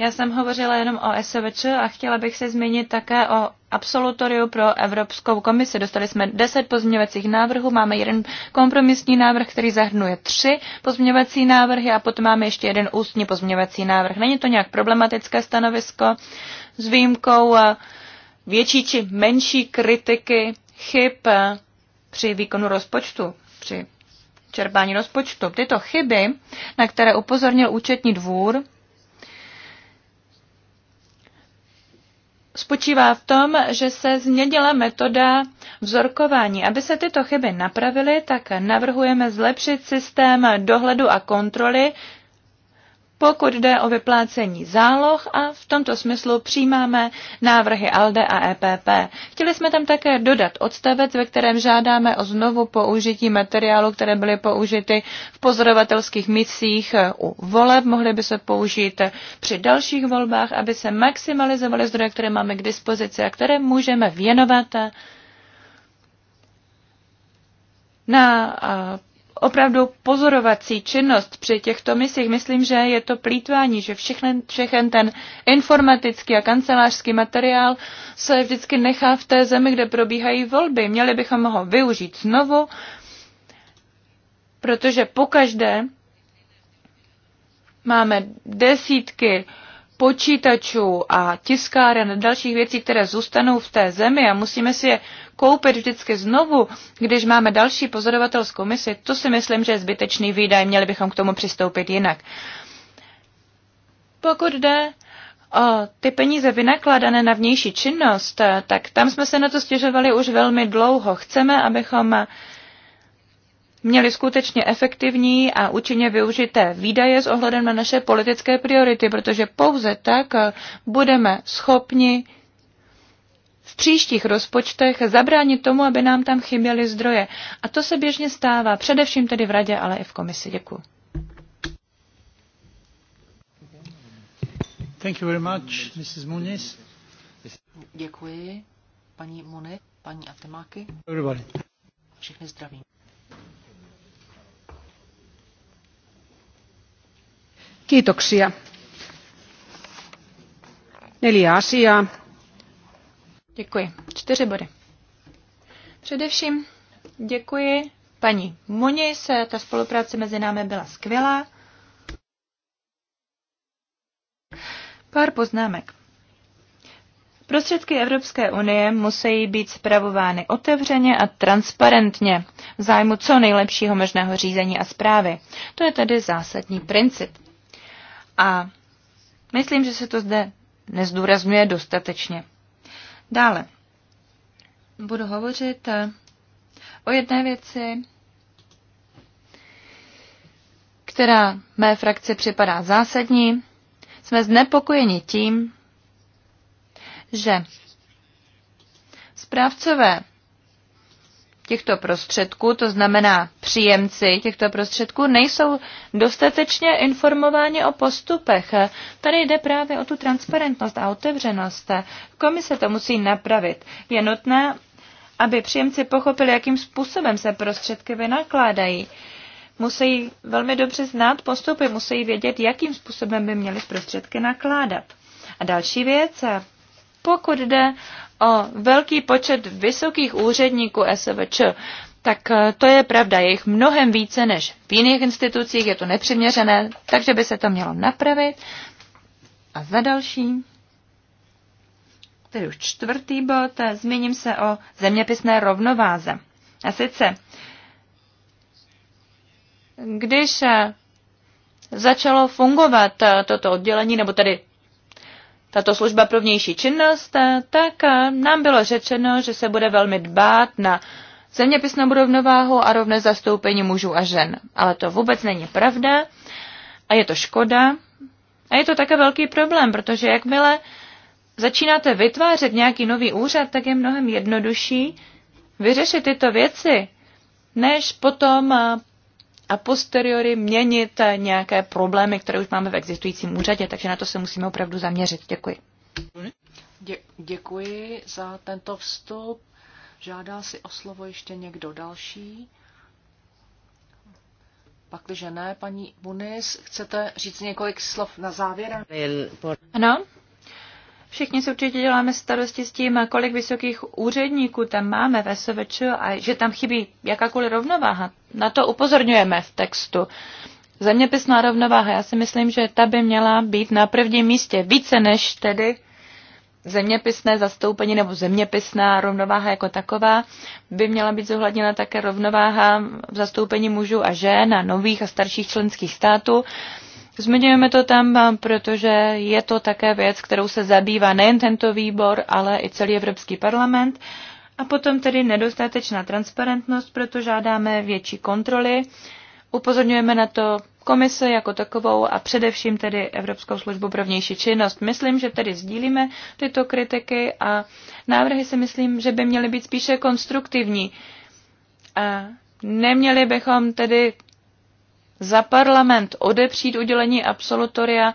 Speaker 3: Já jsem hovořila jenom o SVČ a chtěla bych se zmínit také o absolutoriu pro Evropskou komisi. Dostali jsme 10 pozměňovacích návrhů, máme jeden kompromisní návrh, který zahrnuje tři pozměňovací návrhy a potom máme ještě jeden ústní pozměňovací návrh. Není to nějak problematické stanovisko s výjimkou eh, větší či menší kritiky chyb eh, při výkonu rozpočtu, při čerpání rozpočtu. Tyto chyby, na které upozornil účetní dvůr, spočívá v tom, že se změnila metoda vzorkování. Aby se tyto chyby napravily, tak navrhujeme zlepšit systém dohledu a kontroly pokud jde o vyplácení záloh a v tomto smyslu přijímáme návrhy ALDE a EPP. Chtěli jsme tam také dodat odstavec, ve kterém žádáme o znovu použití materiálu, které byly použity v pozorovatelských misích eh, u voleb, mohly by se použít eh, při dalších volbách, aby se maximalizovaly zdroje, které máme k dispozici a které můžeme věnovat eh, na opravdu pozorovací činnost při těchto misích. Myslím, že je to plítvání, že všechny, všechen ten informatický a kancelářský materiál se vždycky nechá v té zemi, kde probíhají volby. Měli bychom ho využít znovu, protože pokaždé máme desítky uh, počítačů a tiskáren a dalších věcí, které zůstanou v té zemi a musíme si je koupit vždycky znovu, když máme další pozorovatelskou misi, to si myslím, že je zbytečný výdaj, měli bychom k tomu přistoupit jinak. Pokud jde o ty peníze vynakládané na vnější činnost, tak tam jsme se na to stěžovali už velmi dlouho. Chceme, abychom měli skutečně efektivní a účinně využité výdaje s ohledem na naše politické priority, protože pouze tak eh, budeme schopni v příštích rozpočtech zabránit tomu, aby nám tam chyběly zdroje. A to se běžně stává, především tedy v radě, ale i v komisi. Děkuji.
Speaker 2: Thank you very much, Mrs. Muniz. Děkuji, paní Muniz, paní Atemáky. Everybody. Všechny zdravím. Kiitoksia. Neljä
Speaker 3: Děkuji. Především děkuji paní Moniz. Ta spolupráce mezi námi byla skvělá. Pár poznámek. Prostředky Evropské unie musí být spravovány otevřeně a transparentně v zájmu co nejlepšího možného řízení a zprávy. To je tedy zásadní princip. A myslím, že se to zde nezdůrazňuje dostatečně. Dále budu hovořit eh, o jedné věci, která mé frakci připadá zásadní. Jsme znepokojeni tím, že správcové těchto prostředků, to znamená příjemci těchto prostředků, nejsou dostatečně informováni o postupech. Tady jde právě o tu transparentnost a otevřenost. Komise to musí napravit. Je nutné, aby příjemci pochopili, jakým způsobem se prostředky vynakládají. Musí velmi dobře znát postupy, musí vědět, jakým způsobem by měli prostředky nakládat. A další věc, pokud jde o velký počet vysokých úředníků SVČ, tak eh, to je pravda, je jich mnohem více než v jiných institucích, je to nepřiměřené, takže by se to mělo napravit. A za další, tedy už čtvrtý bod, eh, zmíním se o zeměpisné rovnováze. A sice, když eh, začalo fungovat toto oddělení, nebo tedy tato služba pro vnější činnost, eh, tak eh, nám bylo řečeno, že se bude velmi dbát na zeměpisnou rovnováhu a rovné zastoupení mužů a žen. Ale to vůbec není pravda a je to škoda. A je to také velký problém, protože jakmile začínáte vytvářet nějaký nový úřad, tak je mnohem jednodušší vyřešit tyto věci, než potom eh, a posteriori měnit nějaké problémy, které už máme v existujícím úřadě, takže na to se musíme opravdu zaměřit. Děkuji.
Speaker 2: Dě- děkuji za tento vstup. Žádá si o slovo ještě někdo další? Pak, když ne, paní Bunis, chcete říct několik slov na závěr? Ano, Všichni si určitě děláme starosti s tím, kolik
Speaker 3: vysokých úředníků tam máme ve SVČ a že tam chybí jakákoliv rovnováha. Na to upozorňujeme v textu. Zeměpisná rovnováha, já si myslím, že ta by měla být na prvním místě více než tedy zeměpisné zastoupení nebo zeměpisná rovnováha jako taková by měla být zohledněna také rovnováha v zastoupení mužů a žen a nových a starších členských států. Zmiňujeme to tam, eh, protože je to také věc, kterou se zabývá nejen tento výbor, ale i celý Evropský parlament. A potom tedy nedostatečná transparentnost, proto žádáme větší kontroly. Upozorňujeme na to komise jako takovou a především tedy Evropskou službu pro vnější činnost. Myslím, že tedy sdílíme tyto kritiky a návrhy si myslím, že by měly být spíše konstruktivní. A neměli bychom tedy za parlament odepřít udělení absolutoria,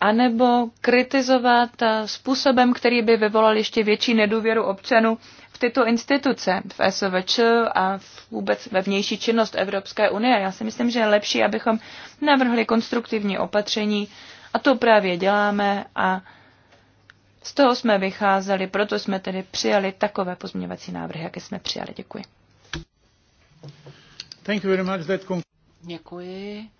Speaker 3: anebo kritizovat eh, způsobem, který by vyvolal ještě větší nedůvěru občanů v tyto instituce, v SVČ a vůbec ve vnější činnost Evropské unie. Já si myslím, že je lepší, abychom navrhli konstruktivní opatření a to právě děláme a z toho jsme vycházeli, proto jsme tedy přijali takové pozměňovací návrhy, jaké jsme přijali. Děkuji. Thank you very much. That
Speaker 2: Děkuji.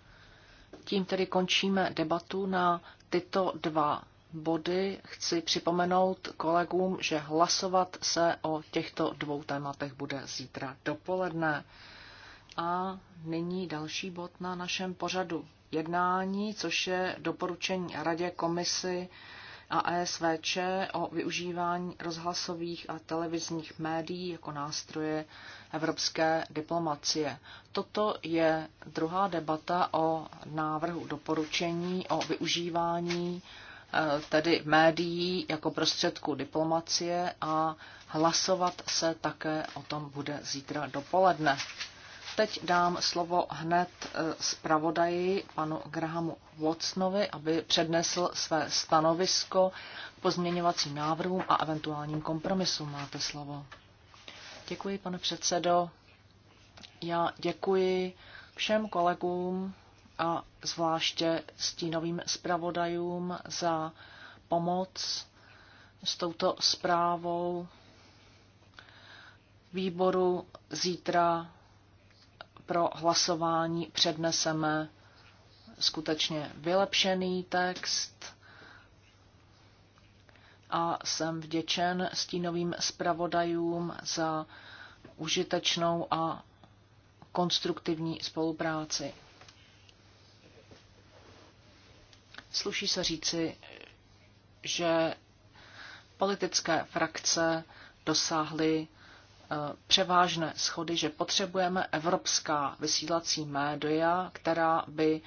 Speaker 2: Tím tedy končíme debatu na tyto dva body. Chci připomenout kolegům, že hlasovat se o těchto dvou tématech bude zítra dopoledne. A nyní další bod na našem pořadu jednání, což je doporučení Radě komisi a ESVČ o využívání rozhlasových a televizních médií jako nástroje evropské diplomacie. Toto je druhá debata o návrhu doporučení o využívání e, tedy médií jako prostředku diplomacie a hlasovat se také o tom bude zítra dopoledne. Teď dám slovo hned e, zpravodaji panu Grahamu Watsonovi, aby přednesl své stanovisko k pozměňovacím návrhům a eventuálním kompromisům. Máte slovo. Děkuji, pane předsedo. Já děkuji všem kolegům a zvláště stínovým zpravodajům za pomoc s touto zprávou výboru zítra pro hlasování předneseme skutečně vylepšený text a jsem vděčen stínovým zpravodajům za užitečnou a konstruktivní spolupráci. Sluší se říci, že politické frakce dosáhly Eh, převážné schody, že potřebujeme evropská vysílací média, která by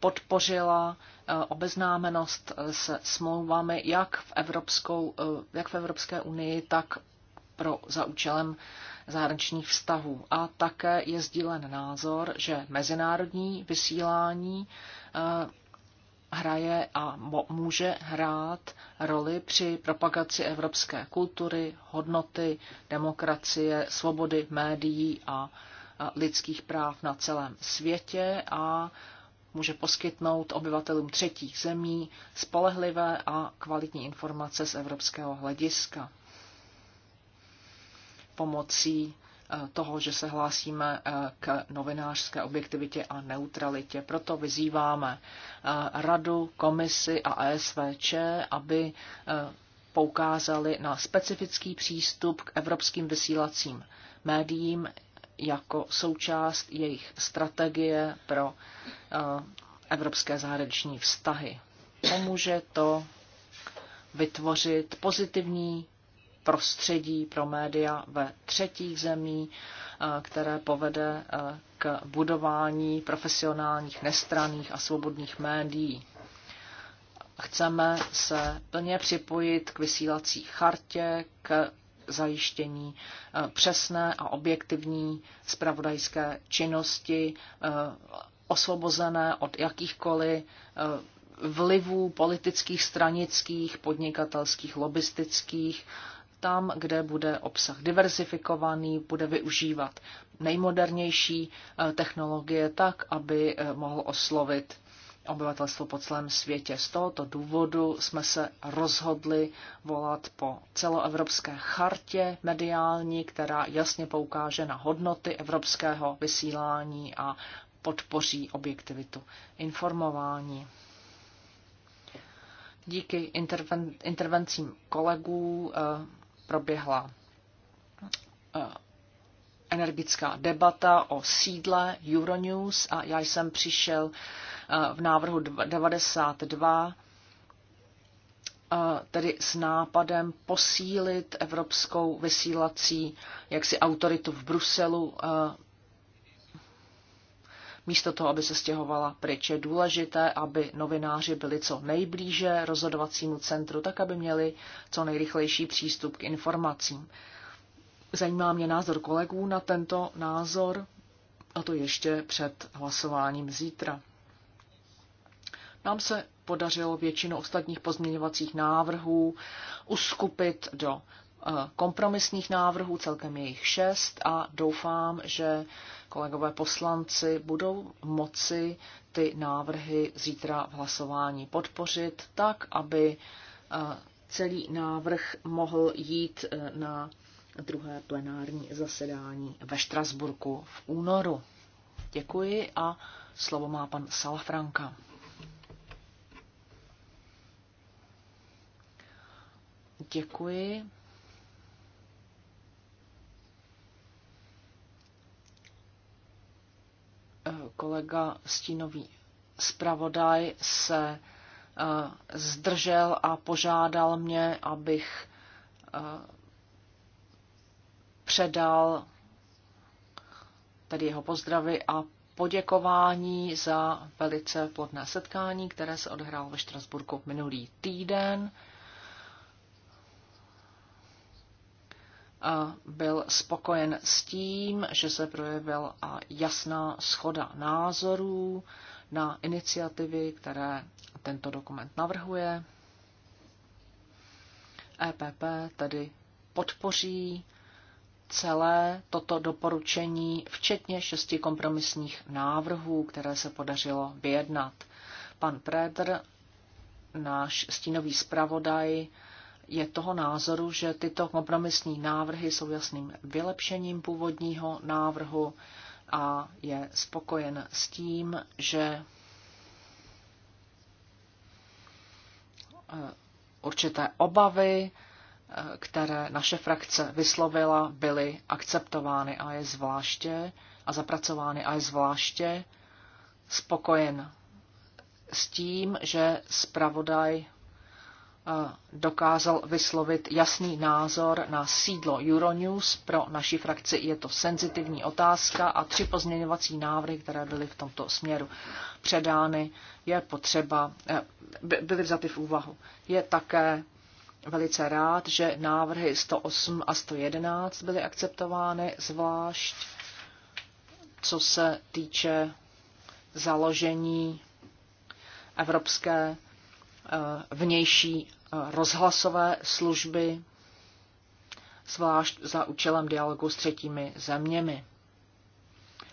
Speaker 2: podpořila eh, obeznámenost eh, se smlouvami jak v, Evropskou, jak v Evropské unii, tak pro, za účelem zahraničních vztahů. A také je sdílen názor, že mezinárodní vysílání hraje a může hrát roli při propagaci evropské kultury, hodnoty, demokracie, svobody médií a lidských práv na celém světě a může poskytnout obyvatelům třetích zemí spolehlivé a kvalitní informace z evropského hlediska pomocí toho, že se hlásíme eh, k novinářské objektivitě a neutralitě. Proto vyzýváme eh, Radu, Komisi a ESVČ, aby eh, poukázali na specifický přístup k evropským vysílacím médiím jako součást jejich strategie pro evropské zahraniční vztahy. Pomůže to vytvořit pozitivní prostředí pro média ve třetích zemí, eh, které povede eh, k budování profesionálních, nestraných a svobodných médií. Chceme se plně připojit k vysílací chartě, k zajištění eh, přesné a objektivní spravodajské činnosti, osvobozené od jakýchkoliv vlivů politických, stranických, podnikatelských, lobistických tam, kde bude obsah diversifikovaný, bude využívat nejmodernější eh, technologie tak, aby eh, mohl oslovit obyvatelstvo po celém světě. Z tohoto důvodu jsme se rozhodli volat po celoevropské chartě mediální, která jasně poukáže na hodnoty evropského vysílání a podpoří objektivitu informování. Díky interven, intervencím kolegů eh, proběhla eh, energická debata o sídle Euronews a já jsem přišel eh, v návrhu 92 eh, tedy s nápadem posílit evropskou vysílací jaksi autoritu v Bruselu místo toho, aby se stěhovala pryč. Je důležité, aby novináři byli co nejblíže rozhodovacímu centru, tak aby měli co nejrychlejší přístup k informacím. Zajímá mě názor kolegů na tento názor, a to ještě před hlasováním zítra. Nám se podařilo většinu ostatních pozměňovacích návrhů uskupit do Eh, kompromisních návrhů, celkem je jich šest a doufám, že kolegové poslanci budou moci ty návrhy zítra v hlasování podpořit tak, aby eh, celý návrh mohl jít eh, na druhé plenární zasedání ve Štrasburku v únoru. Děkuji a slovo má pan Salafranka. Děkuji. kolega Stínový zpravodaj se eh, zdržel a požádal mě, abych eh, předal tedy jeho pozdravy a poděkování za velice plodné setkání, které se odehrálo ve Štrasburku minulý týden. byl spokojen s tím, že se projevil jasná schoda názorů na iniciativy, které tento dokument navrhuje. EPP tedy podpoří celé toto doporučení, včetně šesti kompromisních návrhů, které se podařilo vyjednat. Pan Predr, náš stínový zpravodaj, je toho názoru, že tyto kompromisní návrhy jsou jasným vylepšením původního návrhu a je spokojen s tím, že eh, určité obavy, eh, které naše frakce vyslovila, byly akceptovány a je zvláště a zapracovány a je zvláště spokojen s tím, že zpravodaj dokázal vyslovit jasný názor na sídlo Euronews. Pro naši frakci je to senzitivní otázka a tři pozměňovací návrhy, které byly v tomto směru předány, je potřeba, eh, byly vzaty v úvahu. Je také velice rád, že návrhy 108 a 111 byly akceptovány, zvlášť co se týče založení Evropské eh, vnější rozhlasové služby, zvlášť za účelem dialogu s třetími zeměmi.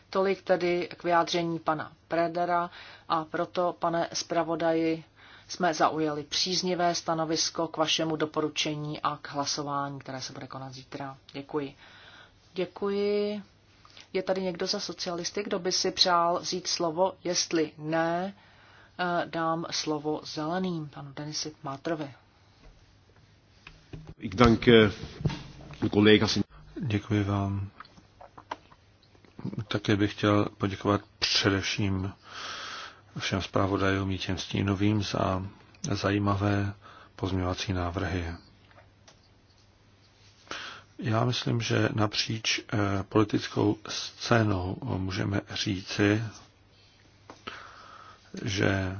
Speaker 2: Tolik tedy k vyjádření pana Predera a proto, pane zpravodaji, jsme zaujali příznivé stanovisko k vašemu doporučení a k hlasování, které se bude konat zítra. Děkuji. Děkuji. Je tady někdo za socialisty, kdo by si přál vzít slovo? Jestli ne, eh, dám slovo zeleným, panu Denisi Mátrovi.
Speaker 1: Ik dank eh, de collega's. Děkuji vám. Také bych chtěl poděkovat především všem zpravodajům i těm stínovým za zajímavé pozměňovací návrhy. Já myslím, že napříč eh, politickou scénou můžeme říci, že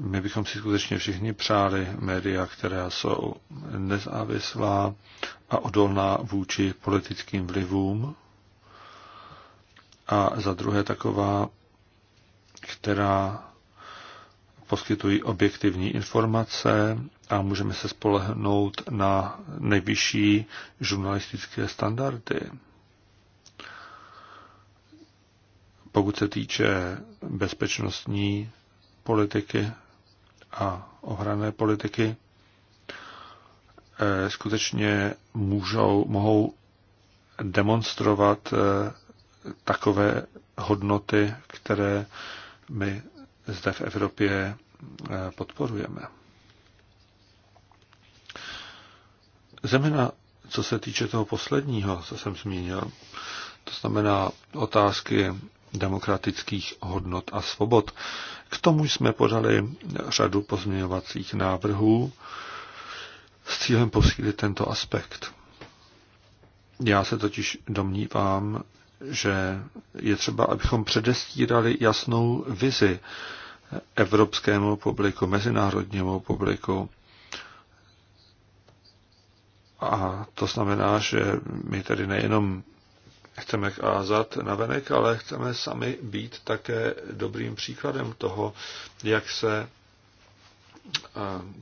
Speaker 1: my bychom si skutečně všichni přáli média, která jsou nezávislá a odolná vůči politickým vlivům. A za druhé taková, která poskytují objektivní informace a můžeme se spolehnout na nejvyšší žurnalistické standardy. Pokud se týče bezpečnostní politiky, a ohrané politiky eh, skutečně můžou, mohou demonstrovat eh, takové hodnoty, které my zde v Evropě eh, podporujeme. Zemina, co se týče toho posledního, co jsem zmínil, to znamená otázky demokratických hodnot a svobod. K tomu jsme podali řadu pozměňovacích návrhů s cílem posílit tento aspekt. Já se totiž domnívám, že je třeba, abychom předestírali jasnou vizi evropskému publiku, mezinárodnímu publiku. A to znamená, že my tedy nejenom Chceme kázat na venek, ale chceme sami být také dobrým příkladem toho, jak se eh,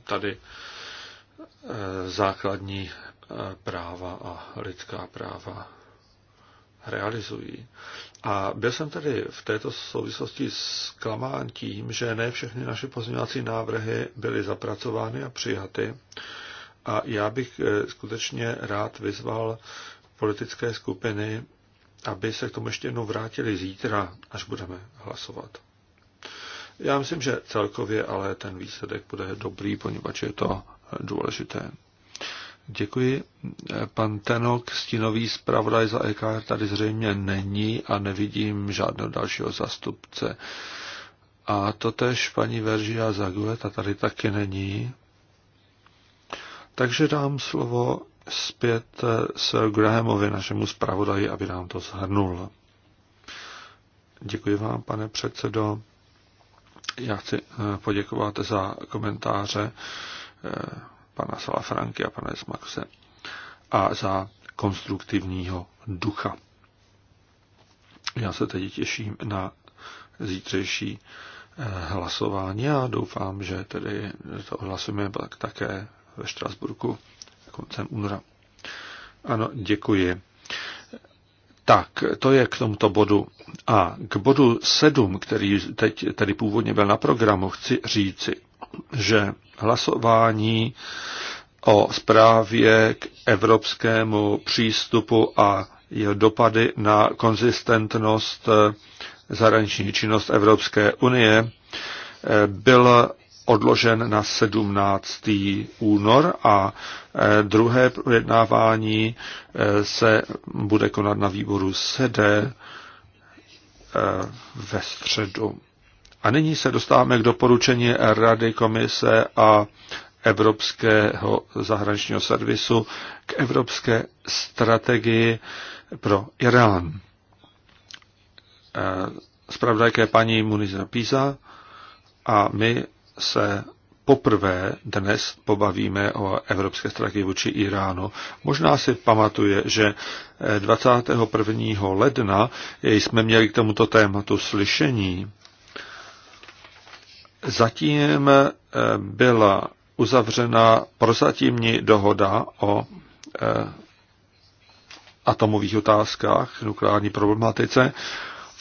Speaker 1: tady eh, základní eh, práva a lidská práva realizují. A byl jsem tedy v této souvislosti zklamán tím, že ne všechny naše pozměňovací návrhy byly zapracovány a přijaty. A já bych skutečně rád vyzval politické skupiny, aby se k tomu ještě jednou vrátili zítra, až budeme hlasovat. Já myslím, že celkově ale ten výsledek bude dobrý, poněvadž je to důležité. Děkuji. Pan Tenok, stínový zpravodaj za EKR, tady zřejmě není a nevidím žádného dalšího zastupce. A totež paní Veržia Zagueta tady taky není. Takže dám slovo zpět eh, s Grahamovi, našemu zpravodaji, aby nám to shrnul. Děkuji vám, pane předsedo. Já chci eh, poděkovat za komentáře eh, pana Salafranky a pana Smakse a za konstruktivního ducha. Já se teď těším na zítřejší hlasování a doufám, že tedy to hlasujeme tak také ve Štrasburku koncem února. Ano, děkuji. Tak, to je k tomuto bodu. A k bodu 7, který teď tady původně byl na programu, chci říci, že hlasování o zprávě k evropskému přístupu a jeho dopady na konzistentnost zahraniční činnost Evropské unie eh, byl odložen na 17. únor a eh, druhé projednávání eh, se bude konat na výboru SED eh, ve středu. A nyní se dostáváme k doporučení Rady komise a Evropského zahraničního servisu k evropské strategii pro Irán. Spravodajka je paní Muniza Píza a my se poprvé dnes pobavíme o evropské strategii vůči Iránu. Možná si pamatuje, že 21. Eh, ledna jsme měli k tomuto tématu slyšení. Zatím eh, byla uzavřena prozatímní dohoda o eh, atomových otázkách, nukleární problematice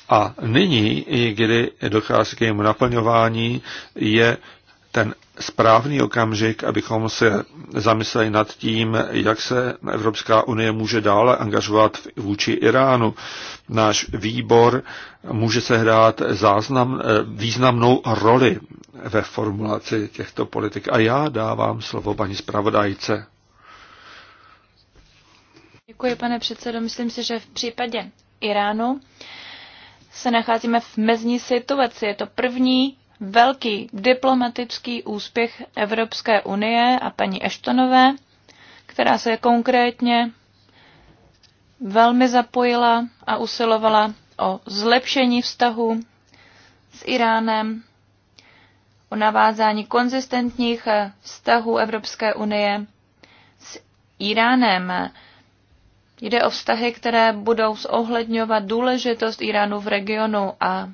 Speaker 1: a nyní, kdy dochází k jejímu naplňování, je ten správný okamžik, abychom se zamysleli nad tím, jak se Evropská unie může dále angažovat vůči Iránu. Náš výbor může se hrát záznam, eh, významnou roli ve formulaci těchto politik. A já dávám slovo paní zpravodajce.
Speaker 3: Děkuji, pane předsedo. Myslím si, že v případě Iránu se nacházíme v mezní situaci. Je to první velký diplomatický úspěch Evropské unie a paní Eštonové, která se konkrétně velmi zapojila a usilovala o zlepšení vztahu s Iránem, o navázání konzistentních vztahů Evropské unie s Iránem. Jde o vztahy, které budou zohledňovat důležitost Iránu v regionu a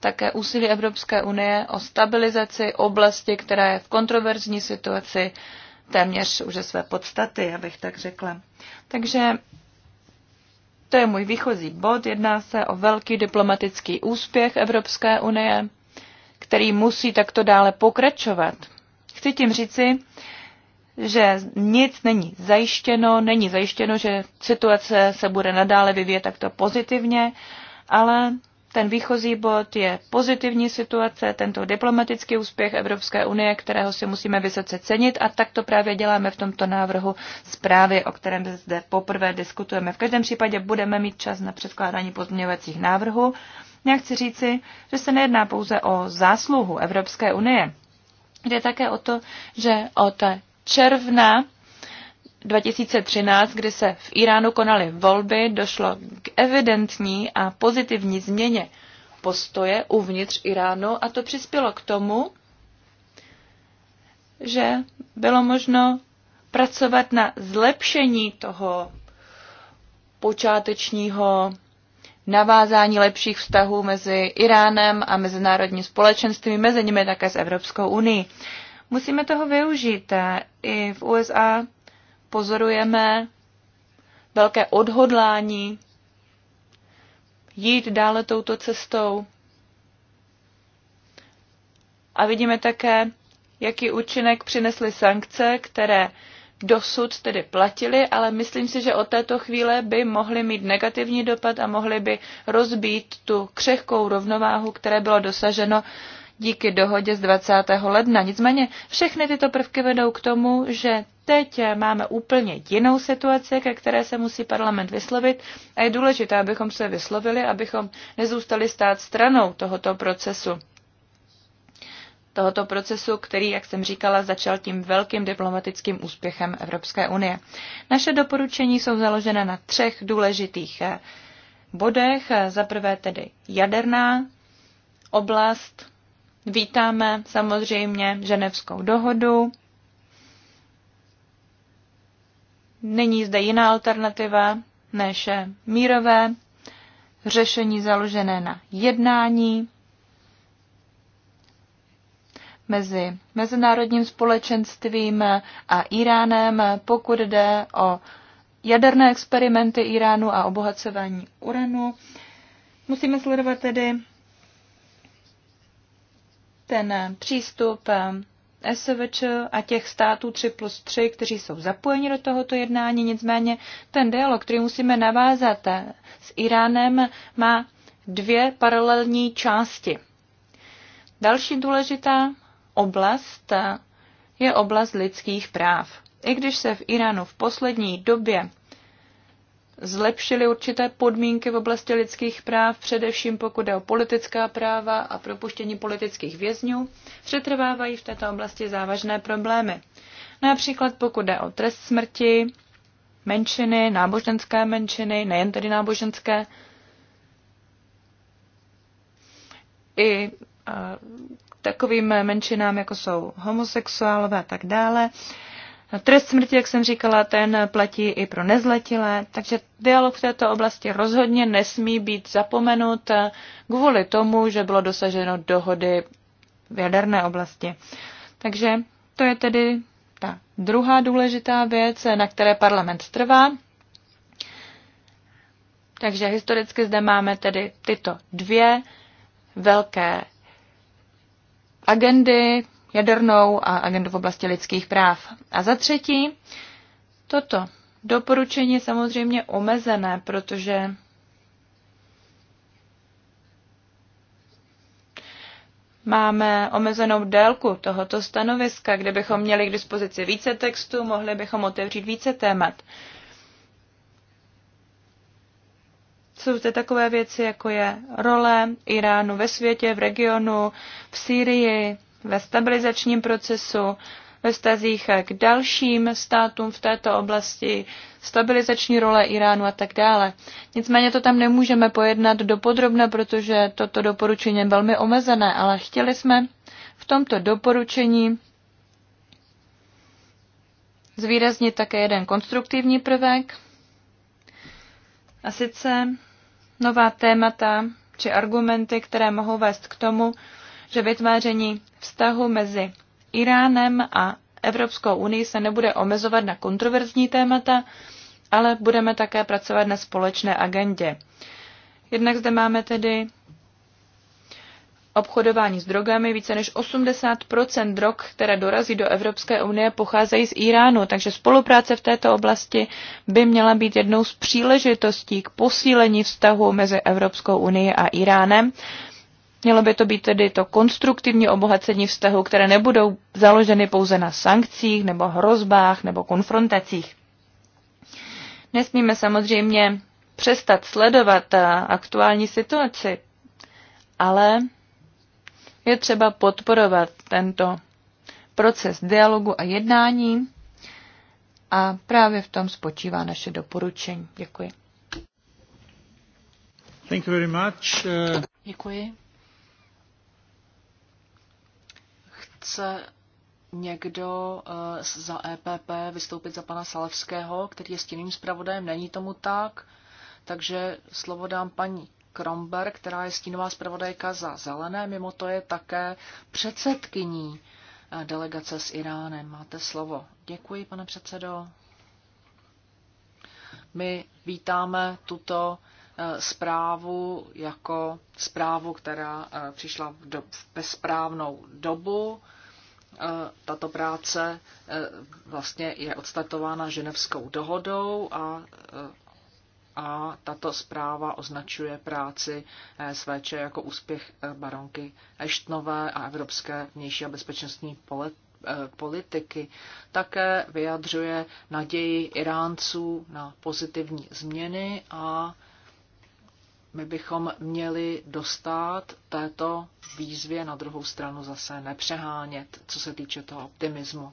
Speaker 3: také úsilí Evropské unie o stabilizaci oblasti, která je v kontroverzní situaci téměř už ze své podstaty, abych tak řekla. Takže to je můj výchozí bod. Jedná se o velký diplomatický úspěch Evropské unie, který musí takto dále pokračovat. Chci tím říci, že nic není zajištěno, není zajištěno, že situace se bude nadále vyvíjet takto pozitivně, ale ten výchozí bod je pozitivní situace, tento diplomatický úspěch Evropské unie, kterého si musíme vysoce cenit a tak to právě děláme v tomto návrhu zprávy, o kterém zde poprvé diskutujeme. V každém případě budeme mít čas na předkládání pozměňovacích návrhů. Já chci říci, že se nejedná pouze o zásluhu Evropské unie. Jde také o to, že té června 2013, kdy se v Iránu konaly volby, došlo k evidentní a pozitivní změně postoje uvnitř Iránu a to přispělo k tomu, že bylo možno pracovat na zlepšení toho počátečního navázání lepších vztahů mezi Iránem a mezinárodním společenstvím, mezi nimi také s Evropskou unii. Musíme toho využít. I v USA pozorujeme velké odhodlání jít dále touto cestou. A vidíme také, jaký účinek přinesly sankce, které dosud tedy platily, ale myslím si, že od této chvíle by mohly mít negativní dopad a mohly by rozbít tu křehkou rovnováhu, které bylo dosaženo díky dohodě z 20. ledna. Nicméně všechny tyto prvky vedou k tomu, že teď máme úplně jinou situaci, ke které se musí parlament vyslovit a je důležité, abychom se vyslovili, abychom nezůstali stát stranou tohoto procesu tohoto procesu, který, jak jsem říkala, začal tím velkým diplomatickým úspěchem Evropské unie. Naše doporučení jsou založena na třech důležitých eh, bodech. Za prvé tedy jaderná oblast, Vítáme samozřejmě ženevskou dohodu. Není zde jiná alternativa než mírové řešení založené na jednání mezi mezinárodním společenstvím a Iránem, pokud jde o jaderné experimenty Iránu a obohacování uranu. Musíme sledovat tedy ten přístup eh, SVČ a těch států 3 plus 3, kteří jsou zapojeni do tohoto jednání. Nicméně ten dialog, který musíme navázat eh, s Iránem, má dvě paralelní části. Další důležitá oblast eh, je oblast lidských práv. I když se v Iránu v poslední době zlepšili určité podmínky v oblasti lidských práv, především pokud je o politická práva a propuštění politických vězňů, přetrvávají v této oblasti závažné problémy. Například pokud je o trest smrti, menšiny, náboženské menšiny, nejen tedy náboženské, i eh, takovým menšinám, jako jsou homosexuálové a tak dále. Trest smrti, jak jsem říkala, ten platí i pro nezletilé, takže dialog v této oblasti rozhodně nesmí být zapomenut kvůli tomu, že bylo dosaženo dohody v jaderné oblasti. Takže to je tedy ta druhá důležitá věc, na které parlament trvá. Takže historicky zde máme tedy tyto dvě velké agendy, jadernou a agendu v oblasti lidských práv. A za třetí, toto doporučení je samozřejmě omezené, protože máme omezenou délku tohoto stanoviska, kde bychom měli k dispozici více textů, mohli bychom otevřít více témat. Jsou zde takové věci, jako je role Iránu ve světě, v regionu, v Sýrii, ve stabilizačním procesu, ve stazích k dalším státům v této oblasti, stabilizační role Iránu a tak dále. Nicméně to tam nemůžeme pojednat dopodrobna, protože toto doporučení je velmi omezené, ale chtěli jsme v tomto doporučení zvýraznit také jeden konstruktivní prvek, a sice nová témata či argumenty, které mohou vést k tomu, že vytváření vztahu mezi Iránem a Evropskou unii se nebude omezovat na kontroverzní témata, ale budeme také pracovat na společné agendě. Jednak zde máme tedy obchodování s drogami. Více než 80 drog, které dorazí do Evropské unie, pocházejí z Iránu, takže spolupráce v této oblasti by měla být jednou z příležitostí k posílení vztahu mezi Evropskou unii a Iránem Mělo by to být tedy to konstruktivní obohacení vztahu, které nebudou založeny pouze na sankcích nebo hrozbách nebo konfrontacích. Nesmíme samozřejmě přestat sledovat eh, aktuální situaci, ale je třeba podporovat tento proces dialogu a jednání a právě v tom spočívá naše doporučení. Děkuji. Thank you very much. Eh,
Speaker 2: Děkuji. chce někdo eh, za EPP vystoupit za pana Salevského, který je stěným zpravodajem. Není tomu tak, takže slovo dám paní Kromberg, která je stínová zpravodajka za zelené, mimo to je také předsedkyní eh, delegace s Iránem. Máte slovo. Děkuji, pane předsedo. My vítáme tuto eh, zprávu jako zprávu, která přišla v, do, v bezprávnou dobu. E, tato práce e, vlastně je odstatována ženevskou dohodou a, e, a tato zpráva označuje práci SVČ jako úspěch baronky Eštnové a evropské vnější a bezpečnostní politiky. Také vyjadřuje naději Iránců na pozitivní změny a my bychom měli dostat této výzvě na druhou stranu zase nepřehánět, co se týče toho optimismu.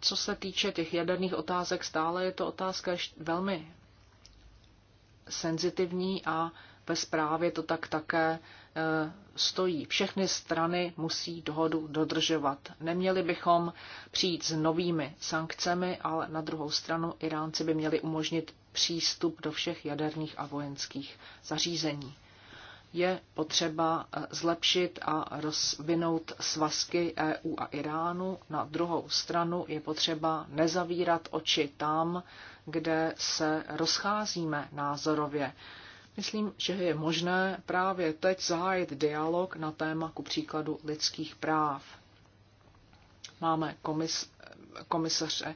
Speaker 2: Co se týče těch jaderných otázek, stále je to otázka velmi senzitivní a ve zprávě to tak také e, stojí. Všechny strany musí dohodu dodržovat. Neměli bychom přijít s novými sankcemi, ale na druhou stranu Iránci by měli umožnit přístup do všech jaderných a vojenských zařízení. Je potřeba eh, zlepšit a rozvinout svazky EU a Iránu. Na druhou stranu je potřeba nezavírat oči tam, kde se rozcházíme názorově. Myslím, že je možné právě teď zahájit dialog na téma ku příkladu lidských práv. Máme komis, eh, komisaře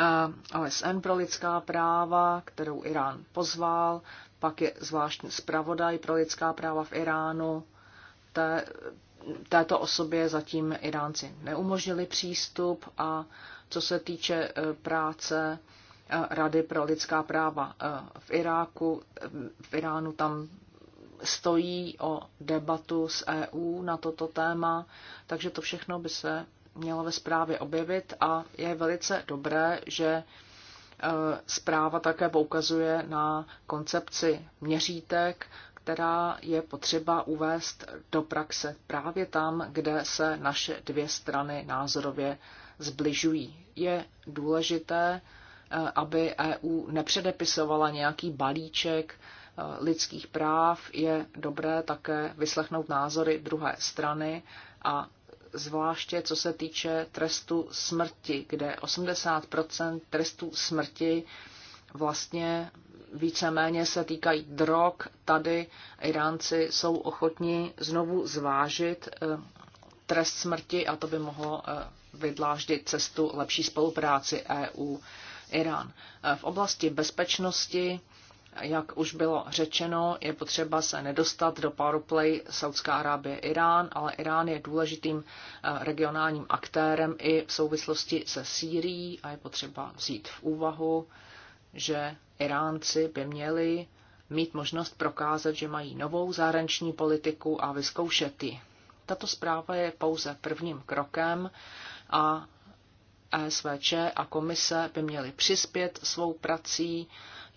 Speaker 2: Eh, OSN pro lidská práva, kterou Irán pozval, pak je zvláštní zpravodaj pro lidská práva v Iránu. Té, této osobě zatím Iránci neumožnili přístup a co se týče eh, práce eh, Rady pro lidská práva v Iráku, v Iránu tam stojí o debatu s EU na toto téma, takže to všechno by se mělo ve zprávě objevit a je velice dobré, že e, zpráva také poukazuje na koncepci měřítek, která je potřeba uvést do praxe právě tam, kde se naše dvě strany názorově zbližují. Je důležité, e, aby EU nepředepisovala nějaký balíček e, lidských práv. Je dobré také vyslechnout názory druhé strany a zvláště co se týče trestu smrti, kde 80 trestů smrti vlastně víceméně se týkají drog. Tady Iránci jsou ochotní znovu zvážit eh, trest smrti a to by mohlo eh, vydláždit cestu lepší spolupráci EU-Irán. Eh, v oblasti bezpečnosti jak už bylo řečeno, je potřeba se nedostat do powerplay Saudská Arábie Irán, ale Irán je důležitým eh, regionálním aktérem i v souvislosti se Sýrií a je potřeba vzít v úvahu, že Iránci by měli mít možnost prokázat, že mají novou zahraniční politiku a vyzkoušet ji. Tato zpráva je pouze prvním krokem a ESVČ a komise by měly přispět svou prací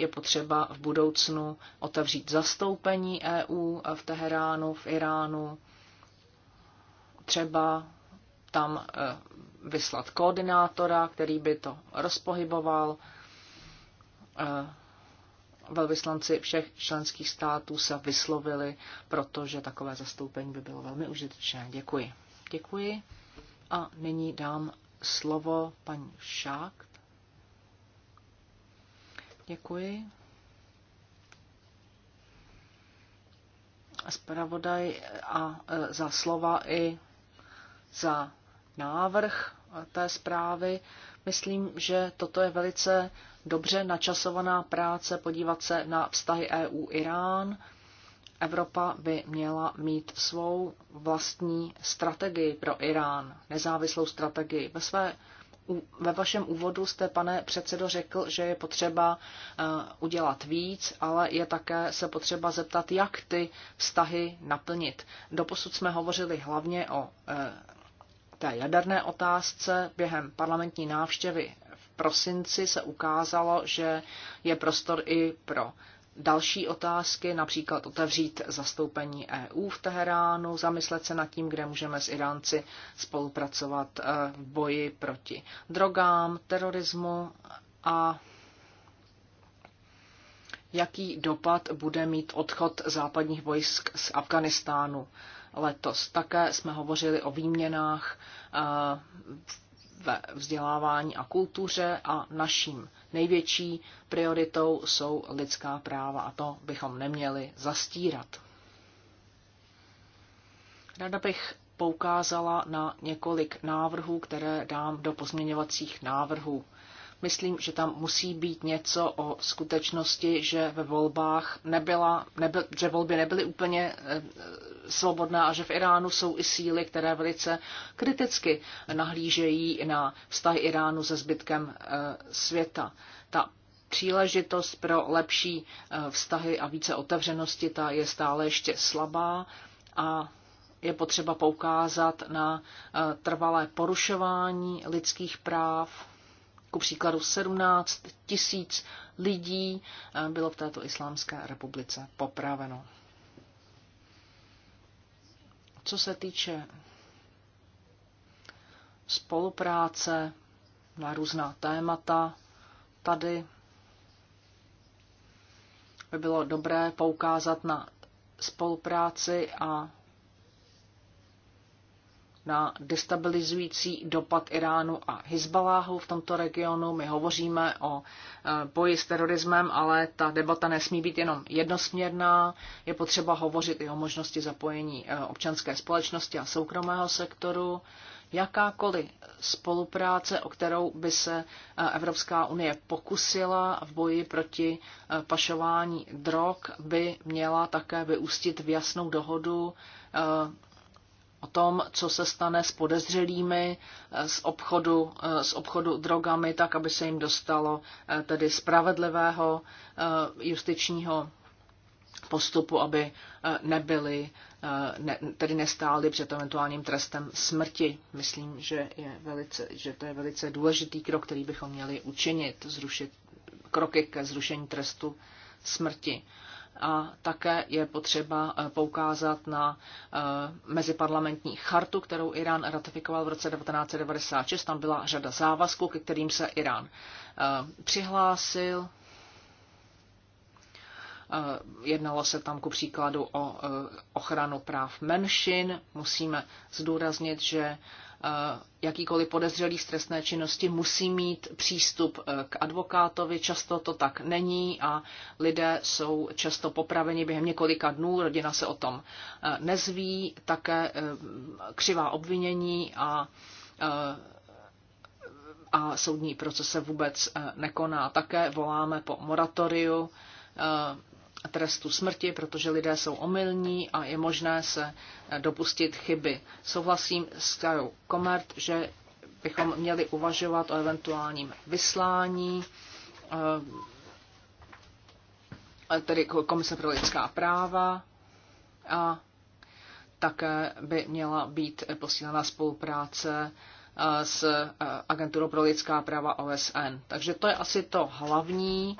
Speaker 2: je potřeba v budoucnu otevřít zastoupení EU v Teheránu, v Iránu, třeba tam e, vyslat koordinátora, který by to rozpohyboval. E, velvyslanci všech členských států se vyslovili, protože takové zastoupení by bylo velmi užitečné. Děkuji. Děkuji. A nyní dám slovo paní Šák, Děkuji. Zpravodaj a e, za slova i za návrh e, té zprávy. Myslím, že toto je velice dobře načasovaná práce podívat se na vztahy EU-Irán. Evropa by měla mít svou vlastní strategii pro Irán, nezávislou strategii. Ve své ve vašem úvodu jste, pane předsedo, řekl, že je potřeba eh, udělat víc, ale je také se potřeba zeptat, jak ty vztahy naplnit. Doposud jsme hovořili hlavně o eh, té jaderné otázce. Během parlamentní návštěvy v prosinci se ukázalo, že je prostor i pro další otázky, například otevřít zastoupení EU v Teheránu, zamyslet se nad tím, kde můžeme s Iránci spolupracovat eh, v boji proti drogám, terorismu a jaký dopad bude mít odchod západních vojsk z Afganistánu letos. Také jsme hovořili o výměnách eh, ve vzdělávání a kultuře a naším největší prioritou jsou lidská práva a to bychom neměli zastírat. Ráda bych poukázala na několik návrhů, které dám do pozměňovacích návrhů. Myslím, že tam musí být něco o skutečnosti, že ve volbách nebyla, nebyl, že volby nebyly úplně eh, svobodné a že v Iránu jsou i síly, které velice kriticky nahlížejí na vztah Iránu se zbytkem eh, světa. Ta příležitost pro lepší eh, vztahy a více otevřenosti ta je stále ještě slabá a je potřeba poukázat na trvalé porušování lidských práv, ku příkladu 17 tisíc lidí eh, bylo v této islámské republice popraveno. Co se týče spolupráce na různá témata, tady by bylo dobré poukázat na spolupráci a na destabilizující dopad Iránu a Hezbaláhu v tomto regionu. My hovoříme o e, boji s terorismem, ale ta debata nesmí být jenom jednosměrná. Je potřeba hovořit i o možnosti zapojení e, občanské společnosti a soukromého sektoru. Jakákoliv spolupráce, o kterou by se e, Evropská unie pokusila v boji proti pašování drog, by měla také vyústit v jasnou dohodu o tom, co se stane s podezřelými eh, z obchodu, eh, z obchodu drogami, tak aby se jim dostalo eh, tedy spravedlivého justičního postupu, aby nebyli, ne, tedy nestáli před eventuálním trestem smrti. Myslím, že, je velice, že to je velice důležitý krok, který bychom měli učinit, zrušit kroky ke zrušení trestu smrti a také je potřeba eh, poukázat na eh, meziparlamentní chartu, kterou Irán ratifikoval v roce 1996. Tam byla řada závazků, ke kterým se Irán eh, přihlásil. Jednalo se tam ku příkladu o ochranu práv menšin. Musíme zdůraznit, že Eh, jakýkoliv podezřelý z trestné činnosti musí mít přístup eh, k advokátovi. Často to tak není a lidé jsou často popraveni během několika dnů, rodina se o tom eh, nezví, také křivá obvinění a a soudní proces se vůbec nekoná. Také voláme po moratoriu trestu smrti, protože lidé jsou omylní a je možné se eh, dopustit chyby. Souhlasím s Kajou Komert, že bychom měli uvažovat o eventuálním vyslání eh, tedy Komise pro lidská práva a také by měla být posílena spolupráce s Agenturou pro lidská práva OSN. Takže to je asi to hlavní,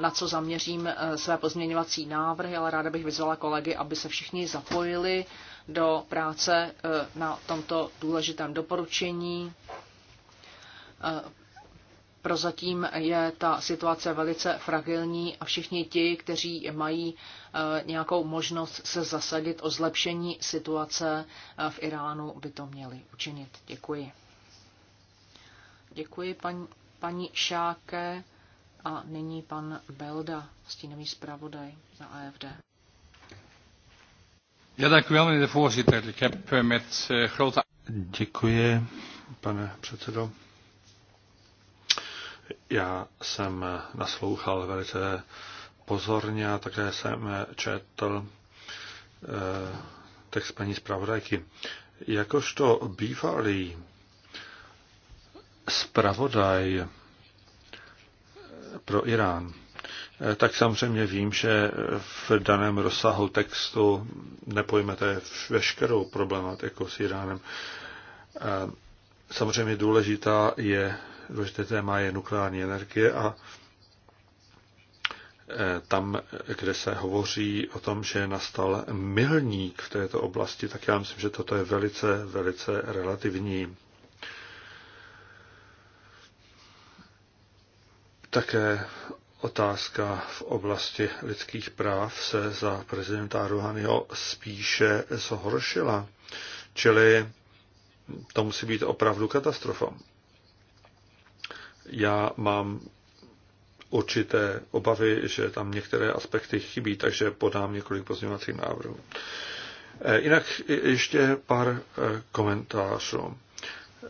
Speaker 2: na co zaměřím své pozměňovací návrhy, ale ráda bych vyzvala kolegy, aby se všichni zapojili do práce na tomto důležitém doporučení. Prozatím je ta situace velice fragilní a všichni ti, kteří mají nějakou možnost se zasadit o zlepšení situace v Iránu, by to měli učinit. Děkuji. Děkuji paní, paní Šáke a nyní pan Belda, stínový zpravodaj za AFD.
Speaker 1: Ja, děkuji u wel, meneer Děkuji, pane předsedo. Já jsem naslouchal velice pozorně a také jsem eh, četl eh, text paní zpravodajky. Jakožto bývalý zpravodaj pro Irán, tak samozřejmě vím, že v daném rozsahu textu nepojmete veškerou problematiku s Iránem. Samozřejmě důležitá je, důležité téma je nukleární energie a e, tam, kde se hovoří o tom, že nastal milník v této oblasti, tak já myslím, že toto je velice, velice relativní Také otázka v oblasti lidských práv se za prezidenta Rouhaniho spíše zhoršila. Čili to musí být opravdu katastrofa. Já mám určité obavy, že tam některé aspekty chybí, takže podám několik pozměňovacích návrhů. E, jinak ještě pár e, komentářů.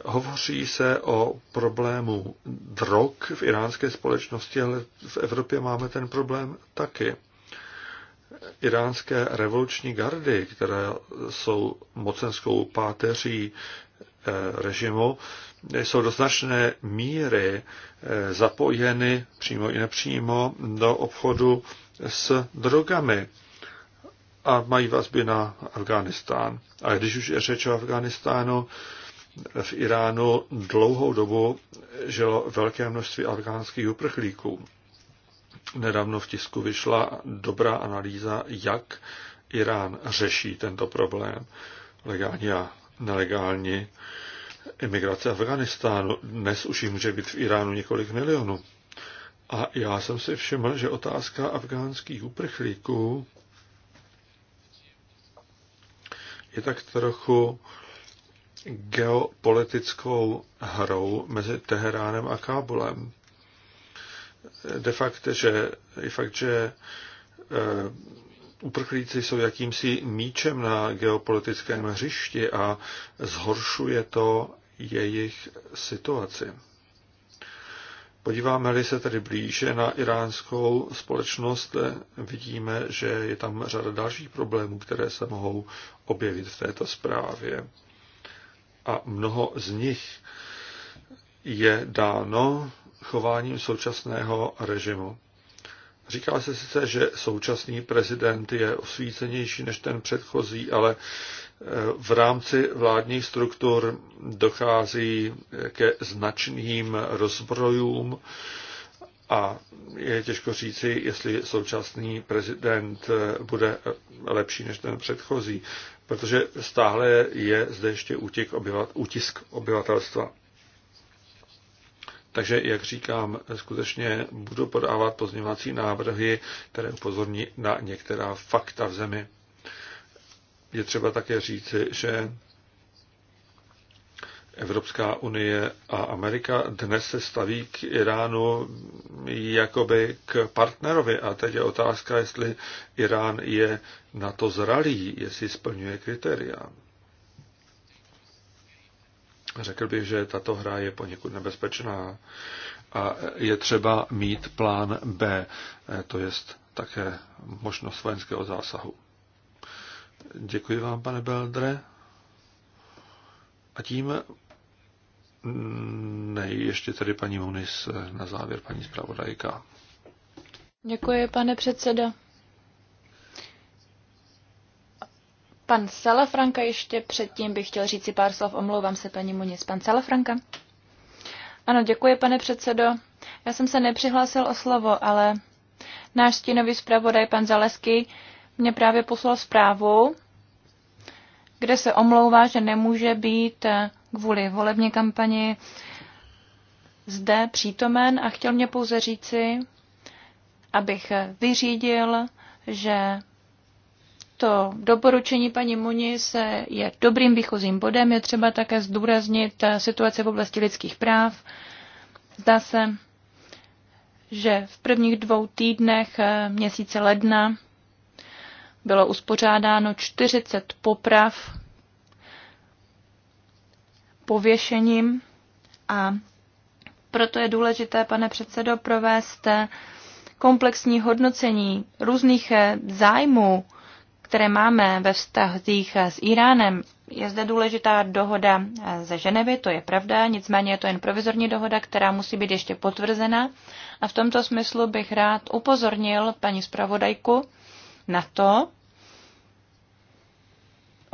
Speaker 1: Hovoří se o problému drog v iránské společnosti, ale v Evropě máme ten problém taky. Iránské revoluční gardy, které jsou mocenskou páteří eh, režimu, jsou do značné míry eh, zapojeny přímo i nepřímo do obchodu s drogami a mají vazby na Afganistán. A když už je řeč o Afganistánu, v Iránu dlouhou dobu žilo velké množství afgánských uprchlíků. Nedávno v tisku vyšla dobrá analýza, jak Irán řeší tento problém legální a nelegální imigrace Afganistánu. Dnes už jich může být v Iránu několik milionů. A já jsem si všiml, že otázka afgánských uprchlíků je tak trochu geopolitickou hrou mezi Teheránem a Kábulem. De facto, že, je fakt, že eh, uprchlíci jsou jakýmsi míčem na geopolitickém hřišti a zhoršuje to jejich situaci. Podíváme-li se tedy blíže na iránskou společnost, vidíme, že je tam řada dalších problémů, které se mohou objevit v této zprávě a mnoho z nich je dáno chováním současného režimu. Říká se sice, že současný prezident je osvícenější než ten předchozí, ale eh, v rámci vládních struktur dochází ke značným rozbrojům a je těžko říci, jestli současný prezident eh, bude eh, lepší než ten předchozí protože stále je zde ještě útěk obyvat, útisk obyvatelstva. Takže, jak říkám, skutečně budu podávat pozměňovací návrhy, které upozorní na některá fakta v zemi. Je třeba také říci, že Evropská unie a Amerika dnes se staví k Iránu jakoby k partnerovi. A teď je otázka, jestli Irán je na to zralý, jestli splňuje kritéria. Řekl bych, že tato hra je poněkud nebezpečná a je třeba mít plán B, to jest také možnost vojenského zásahu. Děkuji vám, pane Beldre. A tím ne, ještě tady paní Munis eh, na závěr, paní zpravodajka.
Speaker 3: Děkuji, pane předsedo. Pan Salafranka ještě předtím bych chtěl říct si pár slov, omlouvám se paní Muniz. Pan Salafranka? Ano, děkuji, pane předsedo. Já jsem se nepřihlásil o slovo, ale náš stínový zpravodaj, pan Zalesky, mě právě poslal zprávu, kde se omlouvá, že nemůže být eh, kvůli volební kampani zde přítomen a chtěl mě pouze říci, abych eh, vyřídil, že to doporučení paní Muniz eh, je dobrým výchozím bodem. Je třeba také zdůraznit situace v oblasti lidských práv. Zdá se, že v prvních dvou týdnech měsíce ledna bylo uspořádáno 40 poprav pověšením a proto je důležité, pane předsedo, provést komplexní hodnocení různých eh, zájmů, které máme ve vztazích eh, s Iránem. Je zde důležitá dohoda eh, ze Ženevy, to je pravda, nicméně je to jen provizorní dohoda, která musí být ještě potvrzena. A v tomto smyslu bych rád upozornil paní zpravodajku na to,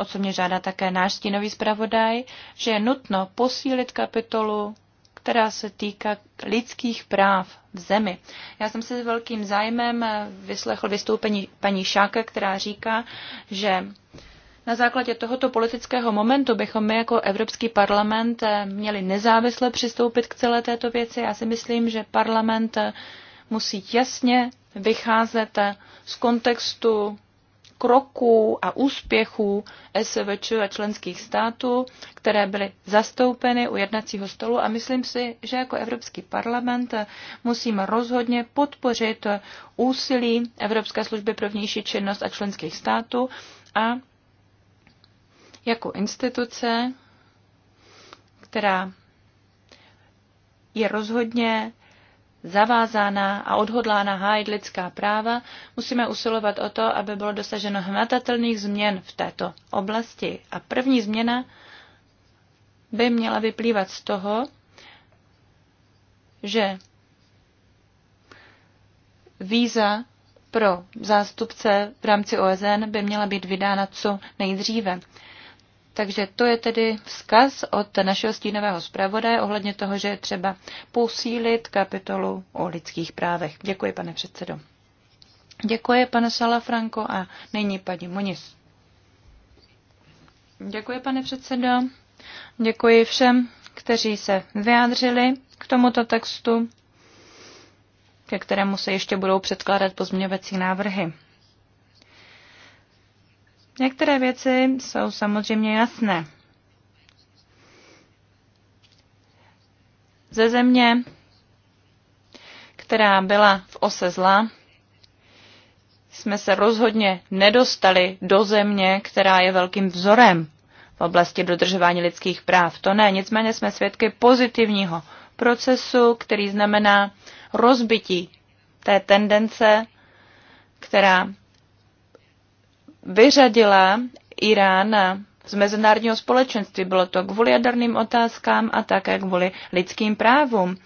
Speaker 3: o co mě žádá také náš stínový zpravodaj, že je nutno posílit kapitolu, která se týká lidských práv v zemi. Já jsem se s velkým zájmem vyslechl vystoupení paní Šáka, která říká, že na základě tohoto politického momentu bychom my jako Evropský parlament měli nezávisle přistoupit k celé této věci. Já si myslím, že parlament musí jasně vycházet z kontextu kroků a úspěchů SVČ a členských států, které byly zastoupeny u jednacího stolu a myslím si, že jako Evropský parlament musíme rozhodně podpořit úsilí Evropské služby pro vnější činnost a členských států a jako instituce, která je rozhodně zavázána a odhodlána hájit lidská práva, musíme usilovat o to, aby bylo dosaženo hmatatelných změn v této oblasti. A první změna by měla vyplývat z toho, že víza pro zástupce v rámci OSN by měla být vydána co nejdříve. Takže to je tedy vzkaz od našeho stínového zpravodaje ohledně toho, že je třeba posílit kapitolu o lidských právech. Děkuji, pane předsedo. Děkuji, pane Salafranko, a nyní paní Moniz. Děkuji, pane předsedo. Děkuji všem, kteří se vyjádřili k tomuto textu, ke kterému se ještě budou předkládat pozměňovací návrhy. Některé věci jsou samozřejmě jasné. Ze země, která byla v ose zla, jsme se rozhodně nedostali do země, která je velkým vzorem v oblasti dodržování lidských práv. To ne, nicméně jsme svědky pozitivního procesu, který znamená rozbití té tendence, která vyřadila Irán z mezinárodního společenství. Bylo to kvůli jaderným otázkám a také kvůli lidským právům.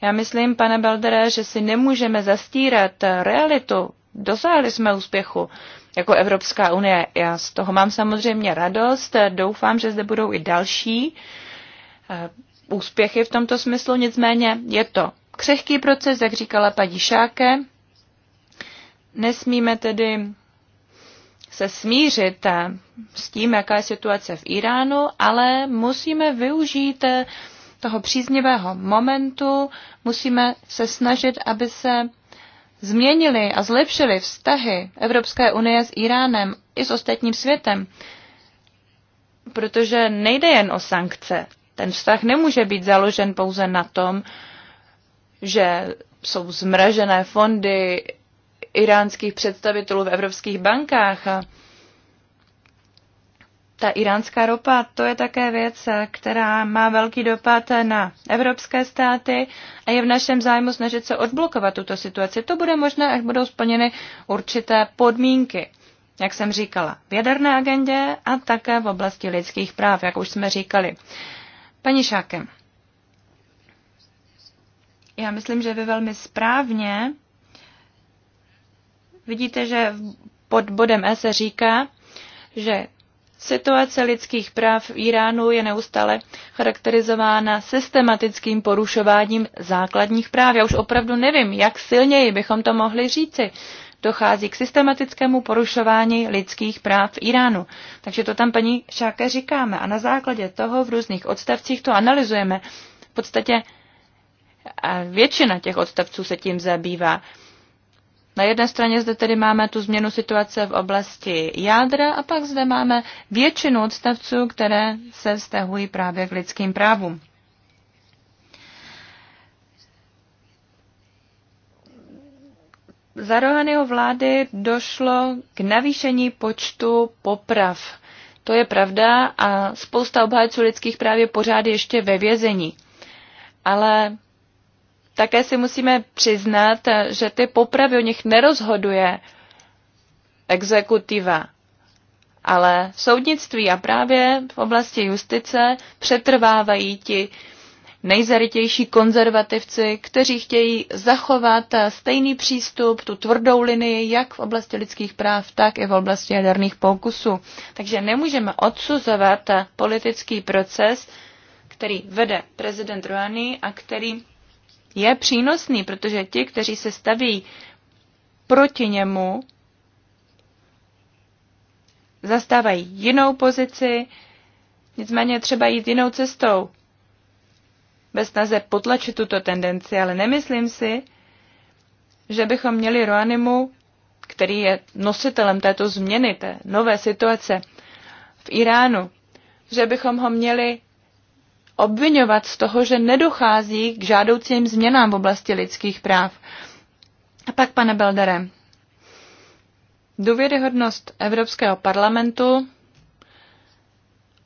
Speaker 3: Já myslím, pane Beldere, že si nemůžeme zastírat realitu. Dosáhli jsme úspěchu jako Evropská unie. Já z toho mám samozřejmě radost. Doufám, že zde budou i další eh, úspěchy v tomto smyslu. Nicméně je to křehký proces, jak říkala paní Šáke. Nesmíme tedy se smířit eh, s tím, jaká je situace v Iránu, ale musíme využít eh, toho příznivého momentu, musíme se snažit, aby se změnily a zlepšily vztahy Evropské unie s Iránem i s ostatním světem. Protože nejde jen o sankce. Ten vztah nemůže být založen pouze na tom, že jsou zmražené fondy iránských představitelů v evropských bankách. A ta iránská ropa, to je také věc, která má velký dopad na evropské státy a je v našem zájmu snažit se odblokovat tuto situaci. To bude možné, až budou splněny určité podmínky, jak jsem říkala, v jaderné agendě a také v oblasti lidských práv, jak už jsme říkali. Paní Šákem, já myslím, že vy velmi správně Vidíte, že pod bodem E se říká, že situace lidských práv v Iránu je neustále charakterizována systematickým porušováním základních práv. Já už opravdu nevím, jak silněji bychom to mohli říci. Dochází k systematickému porušování lidských práv v Iránu. Takže to tam paní Šáke říkáme a na základě toho v různých odstavcích to analyzujeme. V podstatě a většina těch odstavců se tím zabývá. Na jedné straně zde tedy máme tu změnu situace v oblasti jádra a pak zde máme většinu odstavců, které se vztahují právě k lidským právům. Za Rohanyho vlády došlo k navýšení počtu poprav. To je pravda a spousta obhájců lidských práv je pořád ještě ve vězení. Ale také si musíme přiznat, že ty popravy o nich nerozhoduje exekutiva, ale v soudnictví a právě v oblasti justice přetrvávají ti nejzarytější konzervativci, kteří chtějí zachovat stejný přístup, tu tvrdou linii, jak v oblasti lidských práv, tak i v oblasti jaderných pokusů. Takže nemůžeme odsuzovat politický proces, který vede prezident Rouhani a který je přínosný, protože ti, kteří se staví proti němu, zastávají jinou pozici, nicméně třeba jít jinou cestou. Bez snaze potlačit tuto tendenci, ale nemyslím si, že bychom měli Roanimu, který je nositelem této změny, té nové situace v Iránu, že bychom ho měli obvinovat z toho, že nedochází k žádoucím změnám v oblasti lidských práv. A pak, pane Beldere, důvěryhodnost Evropského parlamentu,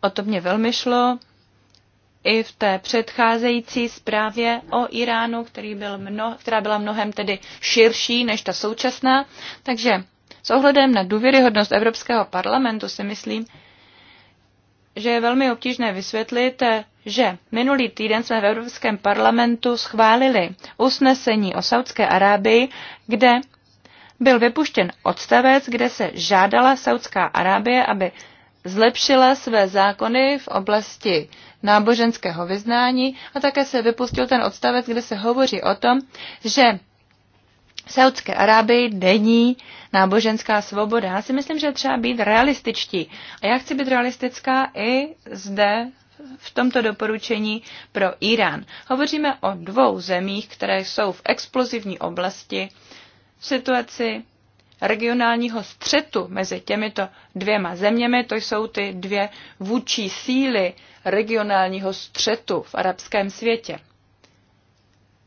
Speaker 3: o to mě velmi šlo, i v té předcházející zprávě o Iránu, který byl mno, která byla mnohem tedy širší než ta současná. Takže s ohledem na důvěryhodnost Evropského parlamentu si myslím, že je velmi obtížné vysvětlit, že minulý týden jsme v Evropském parlamentu schválili usnesení o Saudské Arábii, kde byl vypuštěn odstavec, kde se žádala Saudská Arábie, aby zlepšila své zákony v oblasti náboženského vyznání a také se vypustil ten odstavec, kde se hovoří o tom, že Saudské Arábii není náboženská svoboda. Já si myslím, že třeba být realističtí. A já chci být realistická i zde v tomto doporučení pro Irán. Hovoříme o dvou zemích, které jsou v explozivní oblasti v situaci regionálního střetu mezi těmito dvěma zeměmi. To jsou ty dvě vůči síly regionálního střetu v arabském světě.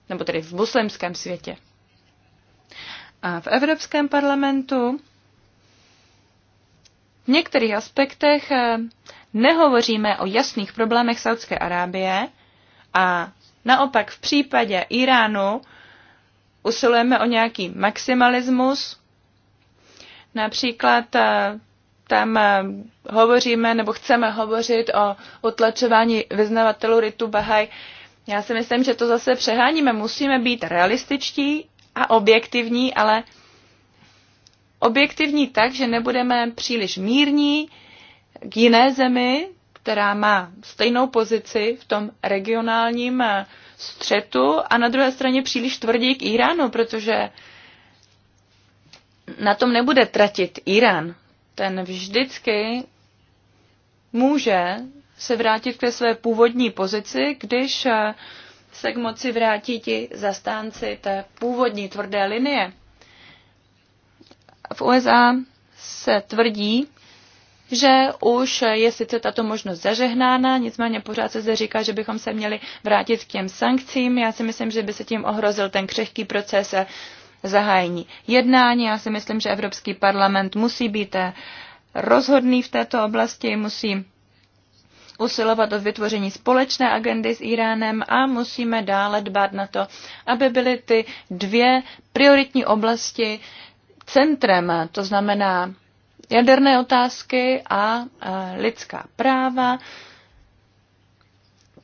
Speaker 3: Nebo tedy v muslimském světě. A v Evropském parlamentu v některých aspektech eh, nehovoříme o jasných problémech Saudské Arábie a naopak v případě Iránu usilujeme o nějaký maximalismus. Například eh, tam eh, hovoříme nebo chceme hovořit o utlačování vyznavatelů ritu Bahaj. Já si myslím, že to zase přeháníme. Musíme být realističtí a objektivní, ale objektivní tak, že nebudeme příliš mírní k jiné zemi, která má stejnou pozici v tom regionálním eh, střetu a na druhé straně příliš tvrdí k Iránu, protože na tom nebude tratit Irán. Ten vždycky může se vrátit ke své původní pozici, když eh, se k moci vrátí ti zastánci té původní tvrdé linie. V USA se tvrdí, že už je sice tato možnost zažehnána, nicméně pořád se zde říká, že bychom se měli vrátit k těm sankcím. Já si myslím, že by se tím ohrozil ten křehký proces zahájení jednání. Já si myslím, že Evropský parlament musí být rozhodný v této oblasti, musí usilovat o vytvoření společné agendy s Iránem a musíme dále dbát na to, aby byly ty dvě prioritní oblasti centrem, to znamená jaderné otázky a lidská práva.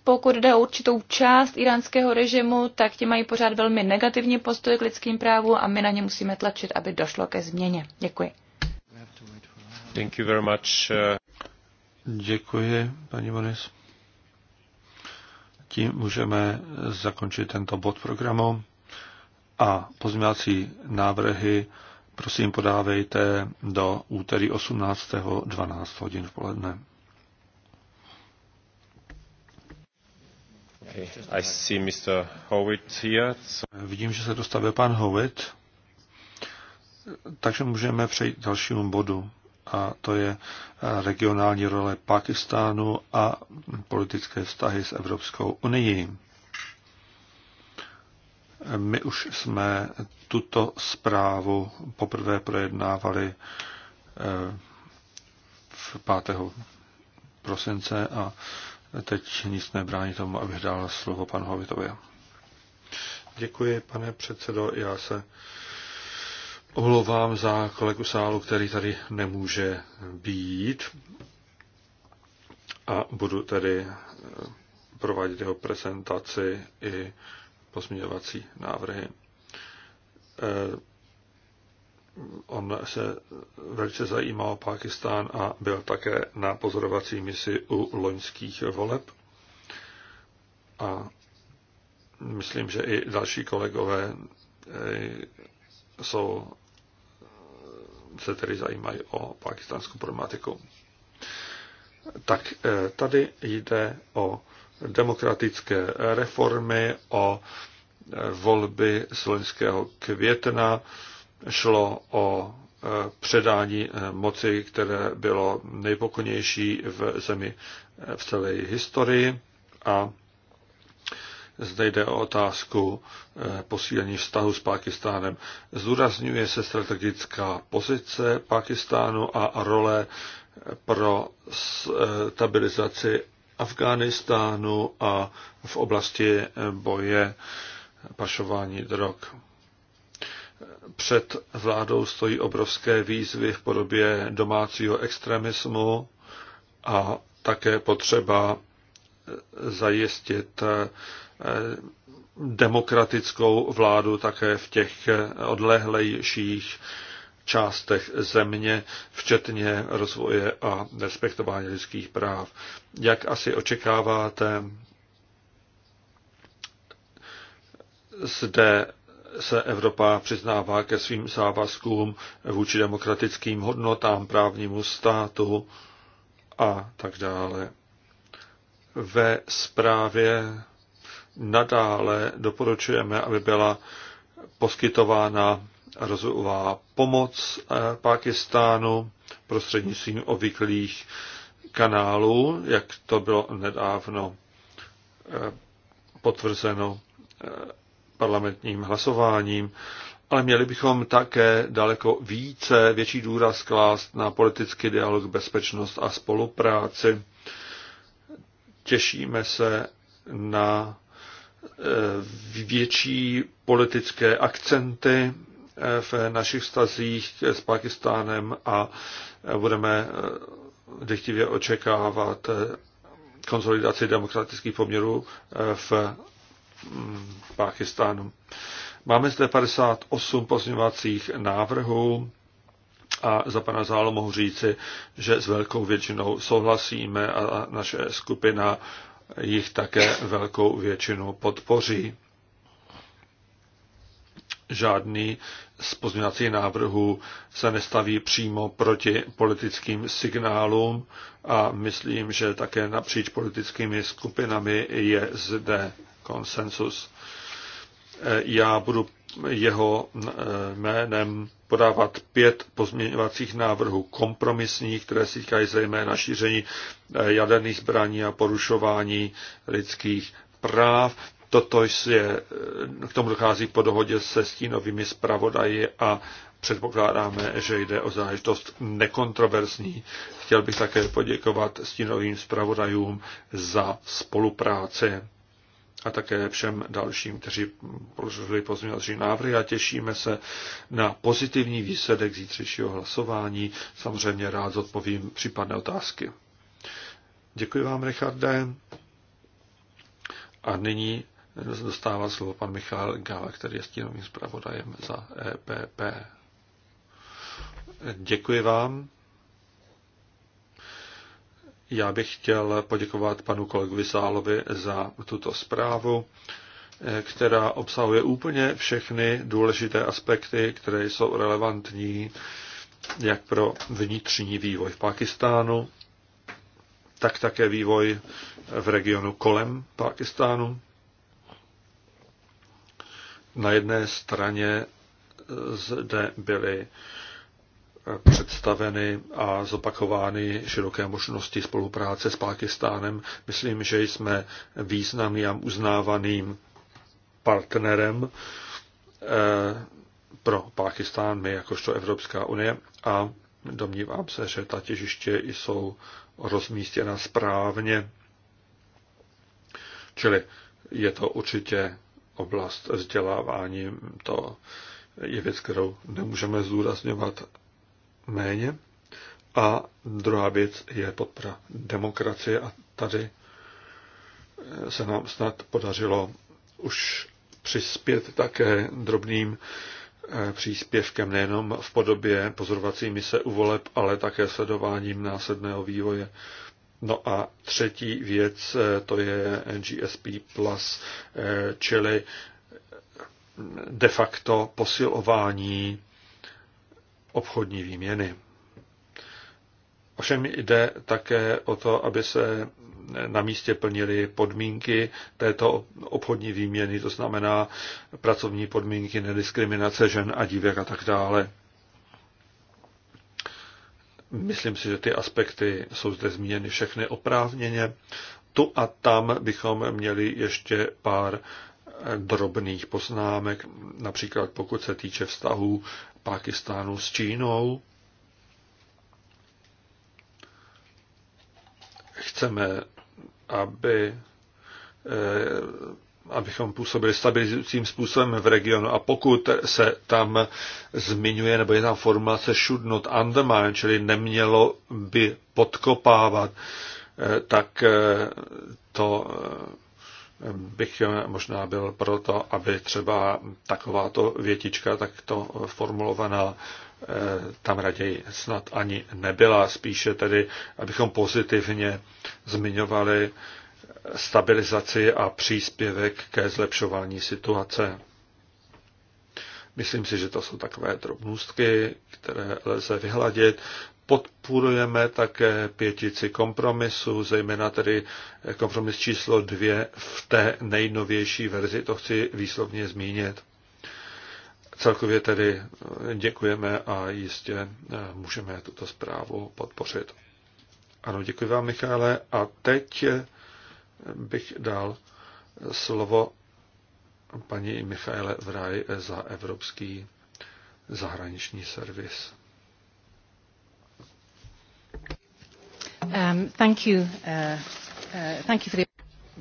Speaker 3: Pokud jde o určitou část iránského režimu, tak ti mají pořád velmi negativní postoj k lidským právům a my na ně musíme tlačit, aby došlo ke změně. Děkuji.
Speaker 1: Thank you very much. Uh, Děkuji, paní Bonis. Tím můžeme zakončit tento bod programu a pozměňovací návrhy prosím podávejte do úterý 18.12 hodin v poledne. Okay. I see Mr. Howitt here. So... Vidím, že se dostavil pan Howitt, takže můžeme přejít k dalšímu bodu a to je eh, regionální role Pakistánu a politické vztahy s Evropskou unii. My už jsme tuto zprávu poprvé projednávali eh, v 5. prosince a teď nic nebrání tomu, abych dal slovo panu Hovitovi. Děkuji, pane předsedo. Já se omlouvám za kolegu Sálu, který tady nemůže být a budu tedy eh, provádět jeho prezentaci i pozměňovací návrhy. Eh, on se velice zajímal o Pákistán a byl také na pozorovací misi u loňských voleb. A myslím, že i další kolegové eh, jsou se tedy zajímají o pakistánskou problematiku. Tak eh, tady jde o demokratické reformy, o eh, volby z loňského května, šlo o eh, předání moci, které bylo nejpokonější v zemi v celé historii a zde jde o otázku eh, posílení vztahu s Pákistánem. Zdůrazňuje se strategická pozice Pákistánu a role eh, pro eh, stabilizaci Afghánistánu a v oblasti boje pašování drog. Před vládou stojí obrovské výzvy v podobě domácího extremismu a také potřeba zajistit Eh, demokratickou vládu také v těch odlehlejších částech země, včetně rozvoje a respektování lidských práv. Jak asi očekáváte, zde se Evropa přiznává ke svým závazkům vůči demokratickým hodnotám, právnímu státu a tak dále. Ve zprávě nadále doporučujeme, aby byla poskytována rozvojová pomoc eh, Pákistánu prostřednictvím obvyklých kanálů, jak to bylo nedávno eh, potvrzeno eh, parlamentním hlasováním, ale měli bychom také daleko více, větší důraz klást na politický dialog, bezpečnost a spolupráci. Těšíme se na Eh, větší politické akcenty eh, v našich stazích s Pakistánem a eh, budeme dechtivě očekávat konsolidaci demokratických poměrů v mm, Pakistánu. Máme zde 58 pozměňovacích návrhů a za pana Zálo mohu říci, že s velkou většinou souhlasíme a naše skupina jich také velkou většinu podpoří. Žádný z pozměňovacích návrhů se nestaví přímo proti politickým signálům a myslím, že také napříč politickými skupinami je zde konsensus. Já budu jeho jménem podávat pět pozměňovacích návrhů kompromisních, které se týkají zejména šíření eh, jaderných zbraní a porušování lidských práv. Toto je, eh, k tomu dochází po dohodě se stínovými zpravodaji a předpokládáme, že jde o záležitost nekontroverzní. Chtěl bych také poděkovat stínovým zpravodajům za spolupráci a také všem dalším, kteří prožili pozměňovací návrhy a těšíme se na pozitivní výsledek zítřejšího hlasování. Samozřejmě rád zodpovím případné otázky. Děkuji vám, Richarde. A nyní dostává slovo pan Michal Gala, který je stínovým zpravodajem za EPP. Děkuji vám. Já bych chtěl poděkovat panu kolegovi Sálovi za tuto zprávu, eh, která obsahuje úplně všechny důležité aspekty, které jsou relevantní jak pro vnitřní vývoj v Pakistánu, tak také vývoj v regionu kolem Pakistánu. Na jedné straně zde byly představeny a zopakovány široké možnosti spolupráce s Pákistánem. Myslím, že jsme významným a uznávaným partnerem eh, pro Pákistán, my jakožto Evropská unie a domnívám se, že ta těžiště jsou rozmístěna správně. Čili je to určitě oblast vzdělávání, to je věc, kterou nemůžeme zdůrazňovat méně. A druhá věc je podpora demokracie a tady eh, se nám snad podařilo už přispět také drobným eh, příspěvkem nejenom v podobě pozorovací mise u voleb, ale také sledováním následného vývoje. No a třetí věc, eh, to je GSP+, plus, čili de facto posilování obchodní výměny. Ovšem jde také o to, aby se na místě plnily podmínky této obchodní výměny, to znamená pracovní podmínky, nediskriminace žen a dívek a tak dále. Myslím si, že ty aspekty jsou zde zmíněny všechny oprávněně. Tu a tam bychom měli ještě pár drobných poznámek, například pokud se týče vztahů Pakistánu s Čínou. Chceme, aby, eh, abychom působili stabilizujícím způsobem v regionu. A pokud se tam zmiňuje, nebo je tam formulace should not undermine, čili nemělo by podkopávat, eh, tak eh, to bych eh, možná byl proto, aby třeba takováto větička takto formulovaná eh, tam raději snad ani nebyla. Spíše tedy, abychom pozitivně zmiňovali stabilizaci a příspěvek ke zlepšování situace. Myslím si, že to jsou takové drobnostky, které lze vyhladit podporujeme také pětici kompromisu, zejména tedy kompromis číslo dvě v té nejnovější verzi, to chci výslovně zmínit. Celkově tedy děkujeme a jistě eh, můžeme tuto zprávu podpořit. Ano, děkuji vám, Michale. A teď eh, bych dal slovo paní Michále Vraj za Evropský zahraniční servis.
Speaker 2: Um, uh, uh,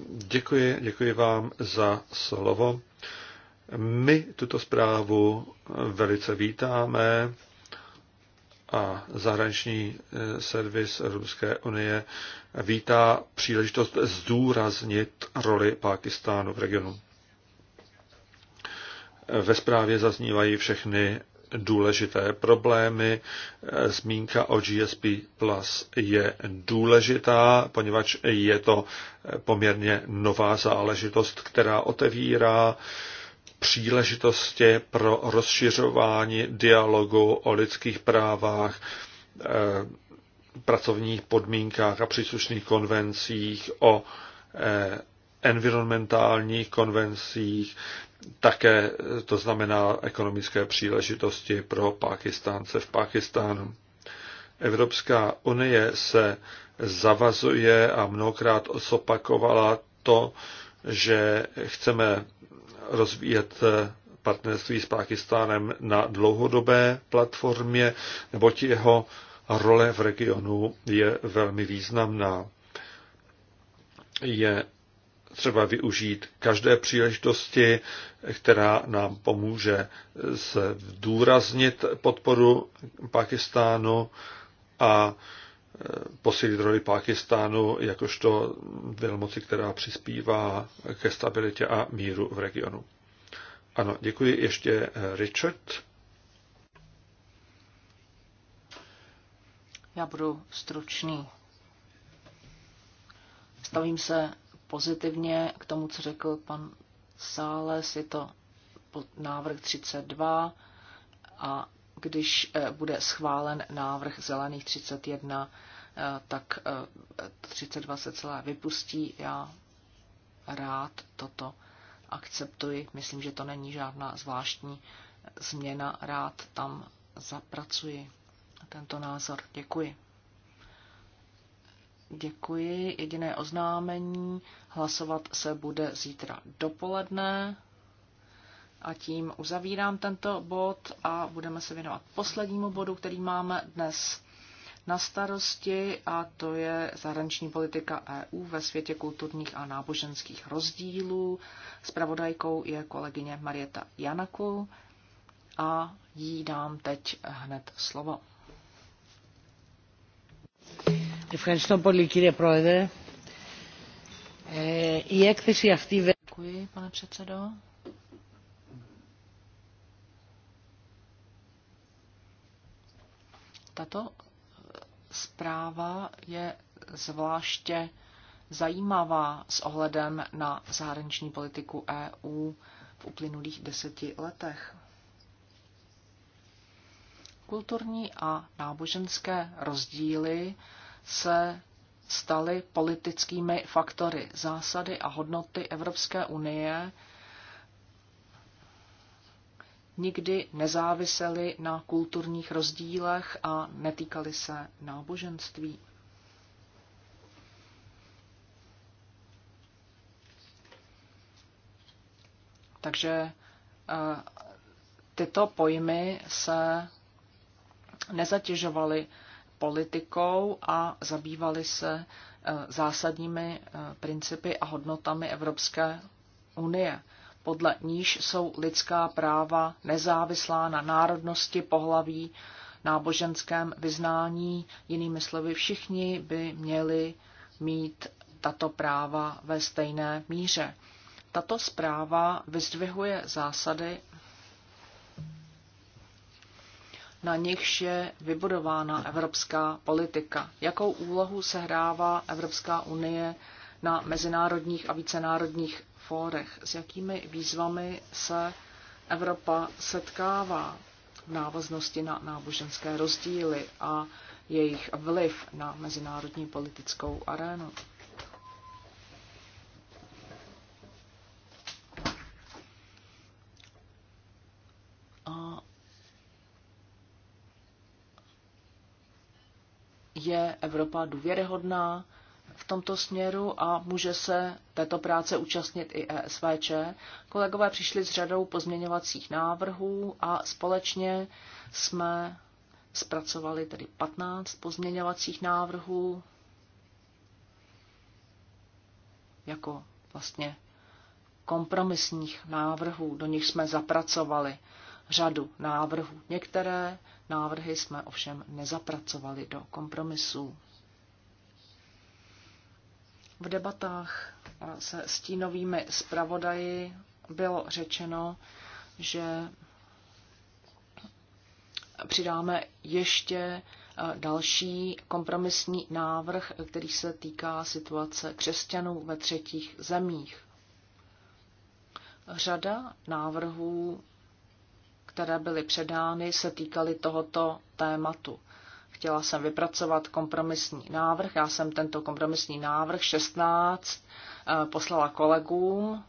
Speaker 1: děkuji, děkuji vám za slovo. My tuto zprávu velice vítáme a zahraniční eh, servis Evropské unie vítá příležitost zdůraznit roli Pákistánu v regionu. Ve zprávě zaznívají všechny důležité problémy. Zmínka o GSP Plus je důležitá, poněvadž je to poměrně nová záležitost, která otevírá příležitosti pro rozšiřování dialogu o lidských právách, eh, pracovních podmínkách a příslušných konvencích o eh, environmentálních konvencích, také to znamená ekonomické příležitosti pro Pákistánce v Pákistánu. Evropská unie se zavazuje a mnohokrát osopakovala to, že chceme rozvíjet partnerství s Pákistánem na dlouhodobé platformě, neboť jeho role v regionu je velmi významná. Je třeba využít každé příležitosti, která nám pomůže zdůraznit podporu Pakistánu a e, posílit roli Pakistánu jakožto velmoci, která přispívá ke stabilitě a míru v regionu. Ano, děkuji ještě e, Richard.
Speaker 2: Já budu stručný. Stavím se pozitivně k tomu, co řekl pan Sáles, je to návrh 32 a když eh, bude schválen návrh zelených 31, eh, tak 32 eh, se celé vypustí. Já rád toto akceptuji. Myslím, že to není žádná zvláštní změna. Rád tam zapracuji tento názor. Děkuji. Děkuji. Jediné oznámení. Hlasovat se bude zítra dopoledne. A tím uzavírám tento bod a budeme se věnovat poslednímu bodu, který máme dnes na starosti, a to je zahraniční politika EU ve světě kulturních a náboženských rozdílů. Spravodajkou je kolegyně Marieta Janaku a jí dám teď hned slovo pane předsedající Tato eh, zpráva je zvláště zajímavá s ohledem na zahraniční politiku EU v uplynulých deseti letech. Kulturní a náboženské rozdíly se staly politickými faktory. Zásady a hodnoty Evropské unie nikdy nezávisely na kulturních rozdílech a netýkaly se náboženství. Takže eh, tyto pojmy se nezatěžovaly politikou a zabývali se eh, zásadními eh, principy a hodnotami Evropské unie. Podle níž jsou lidská práva nezávislá na národnosti, pohlaví, náboženském vyznání. Jinými slovy, všichni by měli mít tato práva ve stejné míře. Tato zpráva vyzdvihuje zásady na nichž je vybudována evropská politika. Jakou úlohu sehrává Evropská unie na mezinárodních a vícenárodních fórech? S jakými výzvami se Evropa setkává v návaznosti na náboženské rozdíly a jejich vliv na mezinárodní politickou arénu? je Evropa důvěryhodná v tomto směru a může se této práce účastnit i ESVČ. Kolegové přišli s řadou pozměňovacích návrhů a společně jsme zpracovali tedy 15 pozměňovacích návrhů jako vlastně kompromisních návrhů, do nich jsme zapracovali řadu návrhů. Některé návrhy jsme ovšem nezapracovali do kompromisů. V debatách se stínovými zpravodaji bylo řečeno, že přidáme ještě eh, další kompromisní návrh, který se týká situace křesťanů ve třetích zemích. Řada návrhů které byly předány, se týkaly tohoto tématu. Chtěla jsem vypracovat kompromisní návrh. Já jsem tento kompromisní návrh 16 eh, poslala kolegům.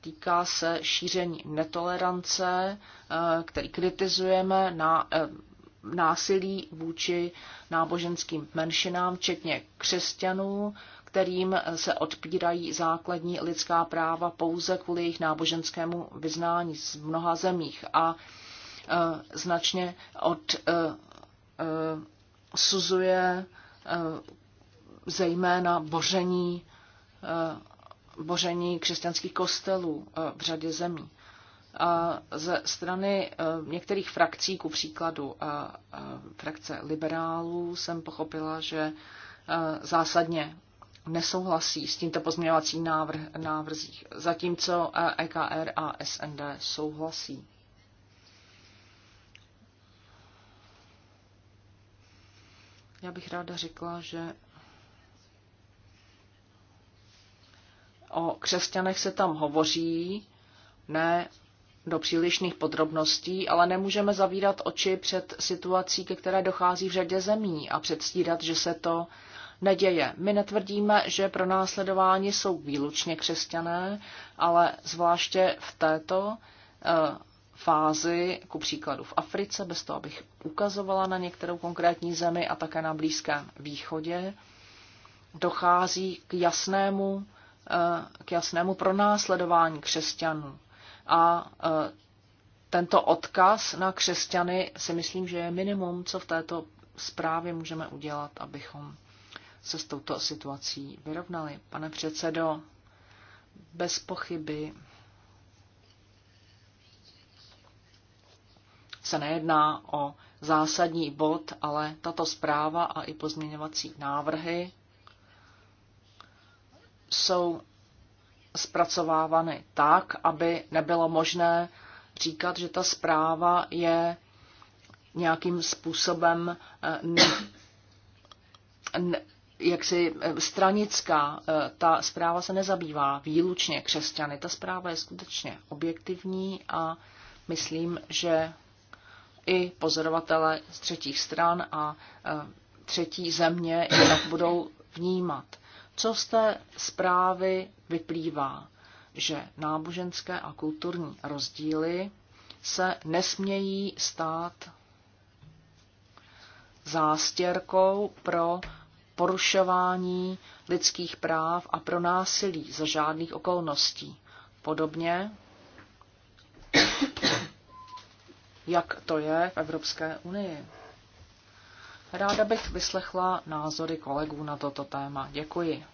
Speaker 2: Týká se šíření netolerance, eh, který kritizujeme na eh, násilí vůči náboženským menšinám, včetně křesťanů, kterým se odpírají základní lidská práva pouze kvůli jejich náboženskému vyznání z mnoha zemích. A Eh, značně odsuzuje eh, eh, zejména boření, boření křesťanských kostelů v řadě zemí. A ze strany některých frakcí, ku příkladu frakce liberálů, jsem pochopila, že zásadně nesouhlasí s tímto pozměňovacím návrh, návrzích, zatímco EKR e a SND souhlasí. Já bych ráda řekla, že o křesťanech se tam hovoří, ne do přílišných podrobností, ale nemůžeme zavírat oči před situací, ke které dochází v řadě zemí a předstírat, že se to neděje. My netvrdíme, že pro následování jsou výlučně křesťané, ale zvláště v této eh, fázi, ku příkladu v Africe, bez toho abych ukazovala na některou konkrétní zemi a také na Blízkém východě, dochází k jasnému, eh, k jasnému pronásledování křesťanů. A eh, tento odkaz na křesťany si myslím, že je minimum, co v této zprávě můžeme udělat, abychom se s touto situací vyrovnali. Pane předsedo, bez pochyby se nejedná o zásadní bod, ale tato zpráva a i pozměňovací návrhy jsou zpracovávány tak, aby nebylo možné říkat, že ta zpráva je nějakým způsobem eh, ne, ne, jaksi eh, stranická. Eh, ta zpráva se nezabývá výlučně křesťany. Ta zpráva je skutečně objektivní a myslím, že i pozorovatele z třetích stran a e, třetí země, jinak budou vnímat. Co z té zprávy vyplývá? Že náboženské a kulturní rozdíly se nesmějí stát zástěrkou pro porušování lidských práv a pro násilí za žádných okolností. Podobně jak to je v Evropské unii. Ráda bych vyslechla názory kolegů na toto téma. Děkuji.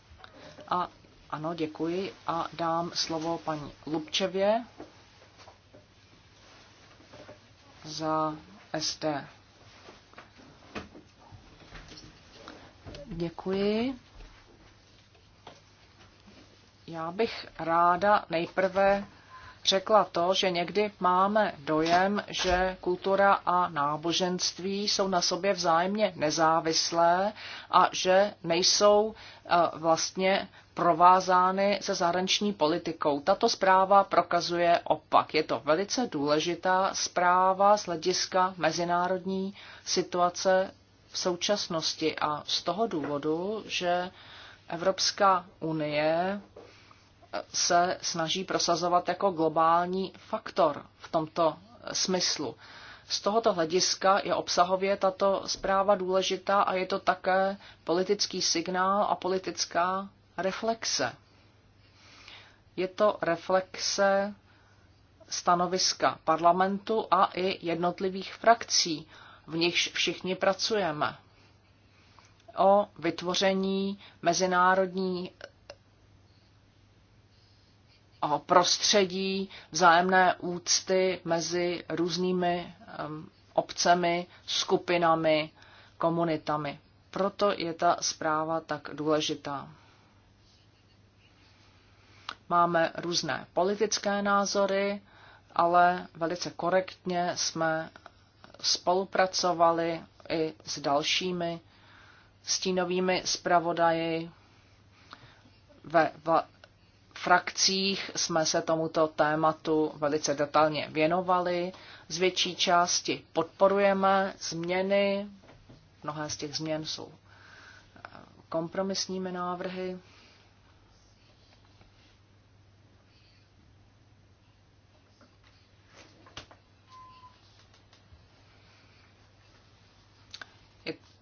Speaker 2: A ano, děkuji a dám slovo paní Lubčevě za SD. Děkuji. Já bych ráda nejprve řekla to, že někdy máme dojem, že kultura a náboženství jsou na sobě vzájemně nezávislé a že nejsou eh, vlastně provázány se zahraniční politikou. Tato zpráva prokazuje opak. Je to velice důležitá zpráva z hlediska mezinárodní situace v současnosti a z toho důvodu, že Evropská unie se snaží prosazovat jako globální faktor v tomto smyslu. Z tohoto hlediska je obsahově tato zpráva důležitá a je to také politický signál a politická reflexe. Je to reflexe stanoviska parlamentu a i jednotlivých frakcí, v nichž všichni pracujeme. O vytvoření mezinárodní prostředí vzájemné úcty mezi různými obcemi, skupinami, komunitami. Proto je ta zpráva tak důležitá. Máme různé politické názory, ale velice korektně jsme spolupracovali i s dalšími stínovými zpravodaji ve frakcích jsme se tomuto tématu velice detailně věnovali. Z větší části podporujeme změny, mnohé z těch změn jsou eh, kompromisními návrhy.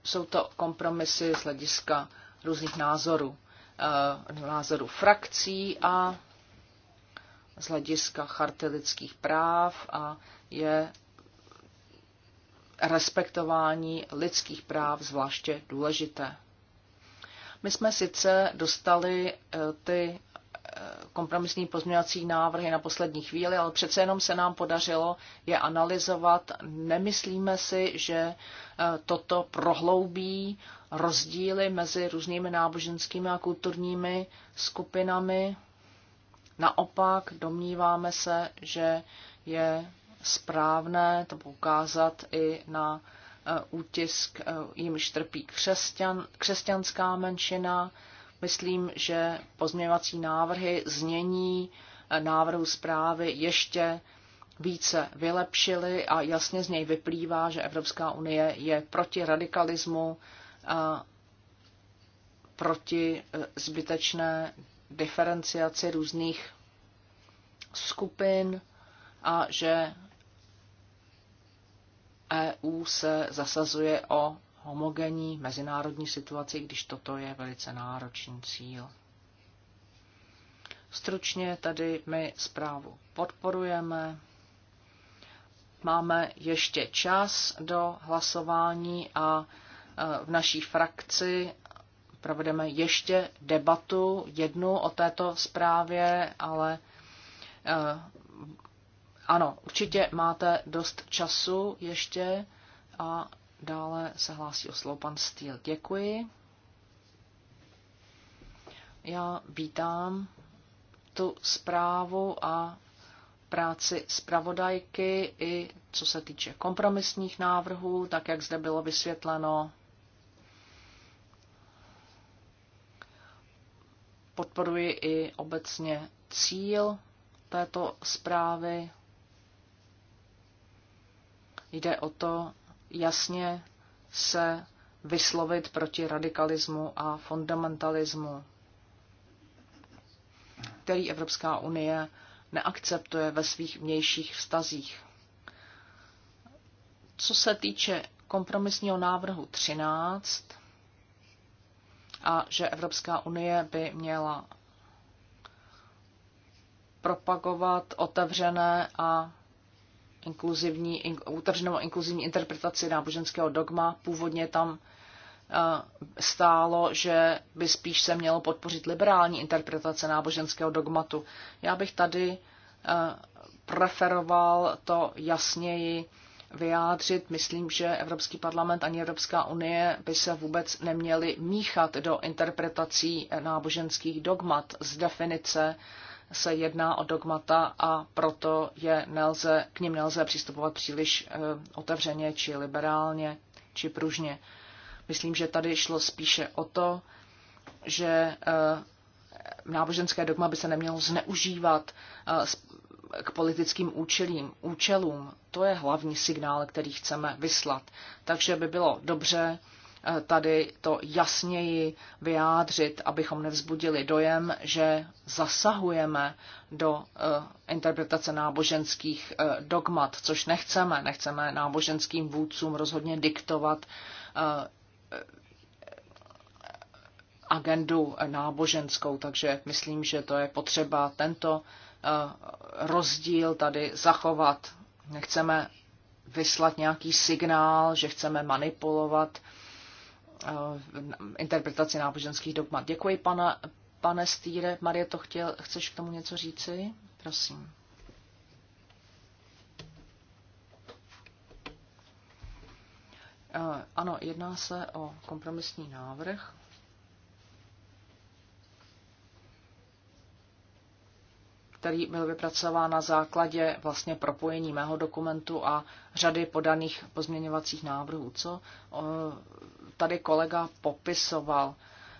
Speaker 2: Jsou to kompromisy z hlediska různých názorů. Eh, názoru frakcí a z hlediska charty lidských práv a je respektování lidských práv zvláště důležité. My jsme sice dostali eh, ty kompromisní pozměňovací návrhy na poslední chvíli, ale přece jenom se nám podařilo je analyzovat. Nemyslíme si, že e, toto prohloubí rozdíly mezi různými náboženskými a kulturními skupinami. Naopak domníváme se, že je správné to poukázat i na e, útisk, e, jimž trpí křesťan, křesťanská menšina, Myslím, že pozměňovací návrhy znění eh, návrhu zprávy ještě více vylepšily a jasně z něj vyplývá, že Evropská unie je proti radikalismu, a proti eh, zbytečné diferenciaci různých skupin a že EU se zasazuje o homogenní mezinárodní situaci, když toto je velice náročný cíl. Stručně tady my zprávu podporujeme. Máme ještě čas do hlasování a e, v naší frakci provedeme ještě debatu jednu o této zprávě, ale e, ano, určitě máte dost času ještě a Dále se hlásí o slovo pan Steel. Děkuji. Já vítám tu zprávu a práci zpravodajky i co se týče kompromisních návrhů, tak jak zde bylo vysvětleno. Podporuji i obecně cíl této zprávy. Jde o to, jasně se vyslovit proti radikalismu a fundamentalismu, který Evropská unie neakceptuje ve svých vnějších vztazích. Co se týče kompromisního návrhu 13 a že Evropská unie by měla propagovat otevřené a inkluzivní, in, utrženou inkluzivní interpretaci náboženského dogma. Původně tam eh, stálo, že by spíš se mělo podpořit liberální interpretace náboženského dogmatu. Já bych tady eh, preferoval to jasněji vyjádřit. Myslím, že Evropský parlament ani Evropská unie by se vůbec neměly míchat do interpretací náboženských dogmat z definice se jedná o dogmata a proto je nelze, k ním nelze přistupovat příliš eh, otevřeně či liberálně či pružně. Myslím, že tady šlo spíše o to, že eh, náboženské dogma by se nemělo zneužívat eh, k politickým účelím, účelům. To je hlavní signál, který chceme vyslat. Takže by bylo dobře, tady to jasněji vyjádřit, abychom nevzbudili dojem, že zasahujeme do eh, interpretace náboženských eh, dogmat, což nechceme. Nechceme náboženským vůdcům rozhodně diktovat eh, agendu náboženskou, takže myslím, že to je potřeba tento rozdíl tady zachovat. Nechceme vyslat nějaký signál, že chceme manipulovat uh, Eh, interpretaci náboženských dogmat. Děkuji, pana, pane Stýre. Marie, to chtěl, chceš k tomu něco říci? Prosím. Eh, ano, jedná se o kompromisní návrh. který byl vypracován na základě vlastně propojení mého dokumentu a řady podaných pozměňovacích návrhů. Co eh, tady kolega popisoval,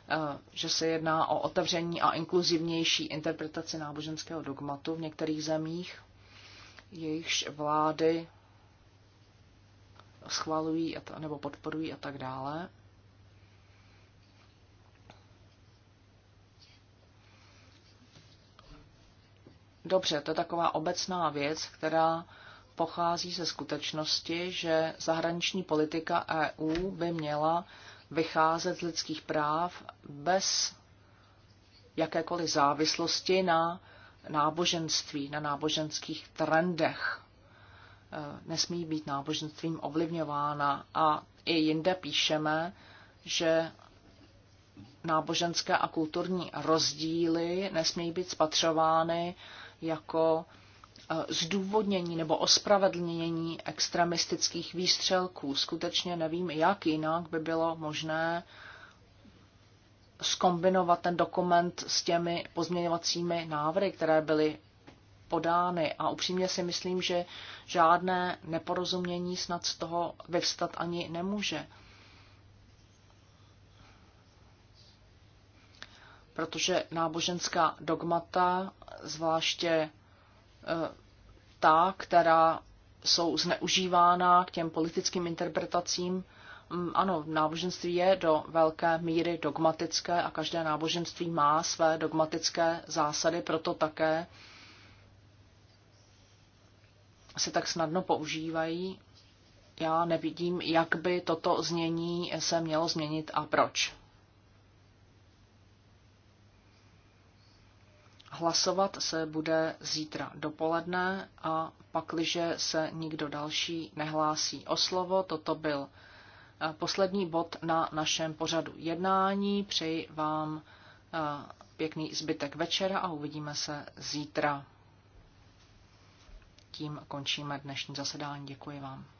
Speaker 2: eh, že se jedná o otevření a inkluzivnější interpretaci náboženského dogmatu v některých zemích, jejichž vlády schvalují nebo podporují a tak dále. Dobře, to je taková obecná věc, která pochází ze skutečnosti, že zahraniční politika EU by měla vycházet z lidských práv bez jakékoliv závislosti na náboženství, na náboženských trendech. E, nesmí být náboženstvím ovlivňována a i jinde píšeme, že náboženské a kulturní rozdíly nesmí být spatřovány jako Eh, zdůvodnění nebo ospravedlnění extremistických výstřelků. Skutečně nevím, jak jinak by bylo možné skombinovat ten dokument s těmi pozměňovacími návrhy, které byly podány. A upřímně si myslím, že žádné neporozumění snad z toho vyvstat ani nemůže. Protože náboženská dogmata, zvláště Eh, ta, která jsou zneužívána k těm politickým interpretacím. Mm, ano, náboženství je do velké míry dogmatické a každé náboženství má své dogmatické zásady, proto také se tak snadno používají. Já nevidím, jak by toto znění se mělo změnit a proč. Hlasovat se bude zítra dopoledne a pakliže se nikdo další nehlásí o slovo, toto byl eh, poslední bod na našem pořadu jednání. Přeji vám eh, pěkný zbytek večera a uvidíme se zítra. Tím končíme dnešní zasedání. Děkuji vám.